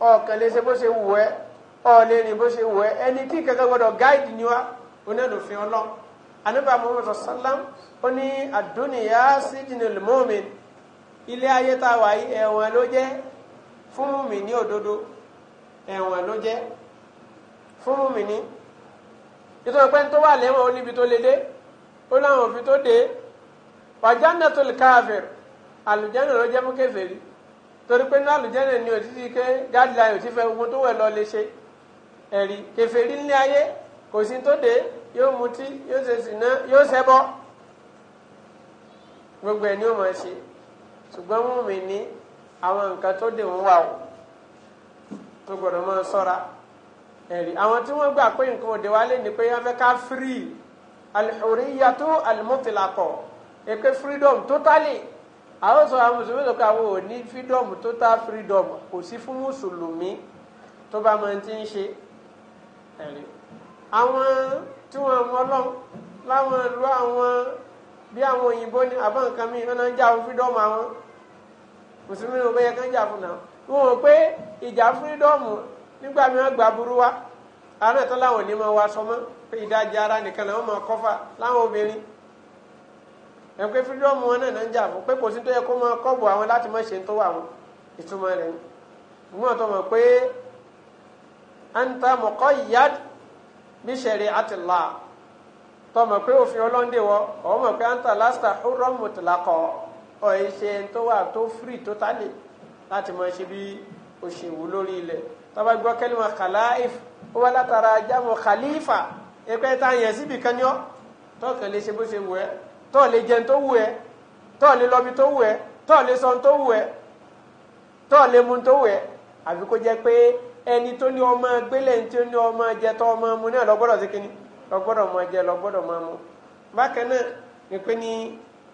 ọ̀kan lè ṣe bó ṣe wù ẹ́ ọ̀ọ́lẹ́rìn bó ṣe wù ẹ́ ẹni tí kankan gbọ́dọ̀ gáìdì ni wá onílùfín ọlọ́run anábà muhammad sallam ó ní àdúnìyá sídìnnìl mọ́min ilé ayé tá a wà yí ẹ̀wọ̀n ló jẹ́ fún mi ní òdodo ẹ̀wọ̀n ló jẹ́ fún mi ní nítorí pé tó wà lẹ́wọ̀n ó níbi tó lè dé ó láwọn òfin tó dé wàjánà tó lè káfíìr àlùjánà ló jẹ́ mú kèfèrí torí pé ní àlùjánà ni òtítí ké gádìláyò tí fẹ́ ogun tó wẹ̀ lọ lè ṣe ẹ̀rí kèfèrí nílé ayé kò sí tó dé yóò mutí yóò ṣe sìná yóò ṣẹbọ gbogbo ẹ ní ó máa ṣe ṣùgbọ́n mú mi ní àwọn nǹkan tó dè ń wà o tó gbọ́dọ̀ máa ṣọ́ra ẹ̀rí àwọn tí wọ́n gbà pé nǹkan òde wa lè ní pé wọ́n fẹ́ ká firi al-hurriyatu al-mutlaqa èpè freedom totally àwọn sọ àwọn mùsùlùmí sọ pé àwọn ò ní freedom total freedom kò sí fún mùsùlùmí tó bá máa ti ń ṣe ẹ̀rí àwọn tí wọ́n mọ ọlọ́run láwọn ìlú àwọn bí àwọn òyìnbó ní àbọ̀ nǹkan mi iná ń jà fún fídọ́ọ̀mù àwọn mùsùlùmí ò bẹ́yẹ kán jà fún náà wọn ò pé ìjà fídọ́ọ̀mù nígbà mìíràn gbà burú wa àwọn ẹ̀tọ́ láwọn onímọ̀ wa sọmọ́ pé ìdajì ara nìkan làwọn máa kọ́fà láwọn obìnrin ẹ̀ pé fídọ́ọ̀mù wọn náà ń jà fún pé kò sí tó yẹ kó máa kọ́bù àwọn láti má ṣe tó wà ìtumọ̀ rẹ̀ ni ìgbìmọ̀ tó mọ̀ pé anta muqayyad bí shari'ati Allah tọmọ pé òfin ọlọ́ndè wọ ọmọ pé anta lasta hurran mutlaqo ọ̀ ẹ̀ ṣe tó wà tó free totally láti mọ ṣe bí òṣèwò lórí ilẹ̀ tọba gbọ́ kẹ́lìmọ̀ kàláìf ó wá látara jámọ̀ khalifa ẹgbẹ́ tá a yẹn síbi kan ní ọ́ tọ́ lè ṣe bó ṣe wù ẹ́ tọ́ lè jẹun tó wù ẹ́ tọ́ lè lọ́bi tó wù ẹ́ tọ́ lè sọ tó wù ẹ́ tọ́ lè mu tó wù ẹ́ àbí kó jẹ́ pé ẹni tó ní ọmọ gbélé ní tó ní ọmọ jẹ tó ọmọ mu náà lọ́gbọ́dọ̀ sí kínní lọ́gbọ́dọ̀ máa jẹ lọ́gbọ́dọ̀ máa mu bákan náà ni ní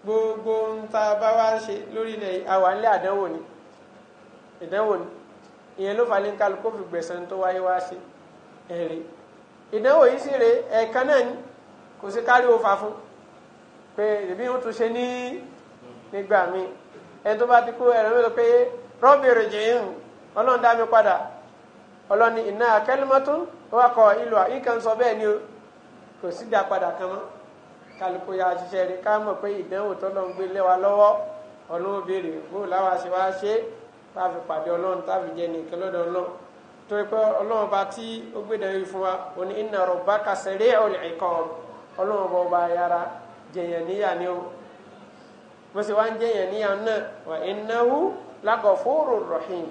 gbogbo ń ta bá wá ṣe lórí ilẹ̀ àwa àdánwò ni ìdánwò ni ìyẹn ló fà ní kálukó fi gbẹ̀sán tó wáyé wá sí ẹ̀rí ìdánwò yìí sì rèé ẹ̀ẹ̀kan náà ni kò sí kárí òfa fún pé ìbí wọn tún ṣe ní nígbà ọlọ́ni iná akẹ́lẹ́mọ́tò wọ́n kọ ìlú àìkàn sọ bẹ́ẹ̀ ni o kò sí dá padà kan mọ́ kálukú ya ṣiṣẹ́ rẹ̀ ká mọ̀ pé ìdánwò tọ́lọ́ ń gbé lẹ́wà lọ́wọ́ ọlọ́run béèrè bó láwa ṣe wá ṣe tá a fi pàdé ọlọ́run tá a fi jẹ nìkan lọ́dọ̀ ọlọ́run torí pé ọlọ́run bá tí ó gbé dẹ̀rí fún wa ó ní iná ọ̀rọ̀ bá kàṣẹ rí ọ̀lẹ̀ ẹ̀kọ́ ọlọ́run bá yára jẹ̀yàn níyà ni o bó ṣe wá ń jẹ̀yàn níyà náà wà ináwó lágọ̀fóró rọ̀hìn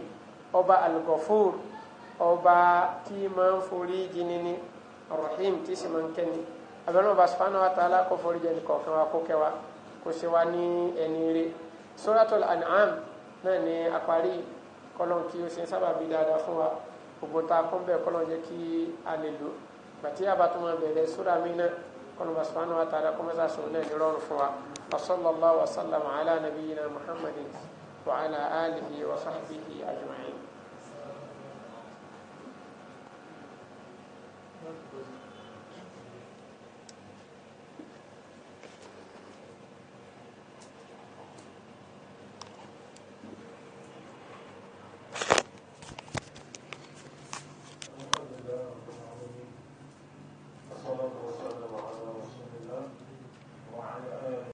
ọba àlùgọ̀fóró ọba tí máa ń forí jini ni rahim tí sì máa ń kẹ́ni abẹ́rẹ́ ọba subhanahu wa ta'ala kó forí jẹni kọ̀ọ̀kan wa kó kẹwa kó ṣe wa ní ẹni ire suratul an'am náà ni àparí kọlọ́n kí o ṣe sábàbí dáadáa fún wa gbogbo ta kún bẹ́ẹ̀ kọlọ́n jẹ́ kí a lè lò gbàtí abatuma bẹ̀rẹ̀ sura mi náà kọlọ́n subhanahu wa ta'ala kó mẹ́ta sọ̀rọ̀ náà ní rọrùn fún wa wa sallallahu wa sallam ala nabiyyina muhammadin wa ala alihi wa sahbihi ajma'in. Thank you.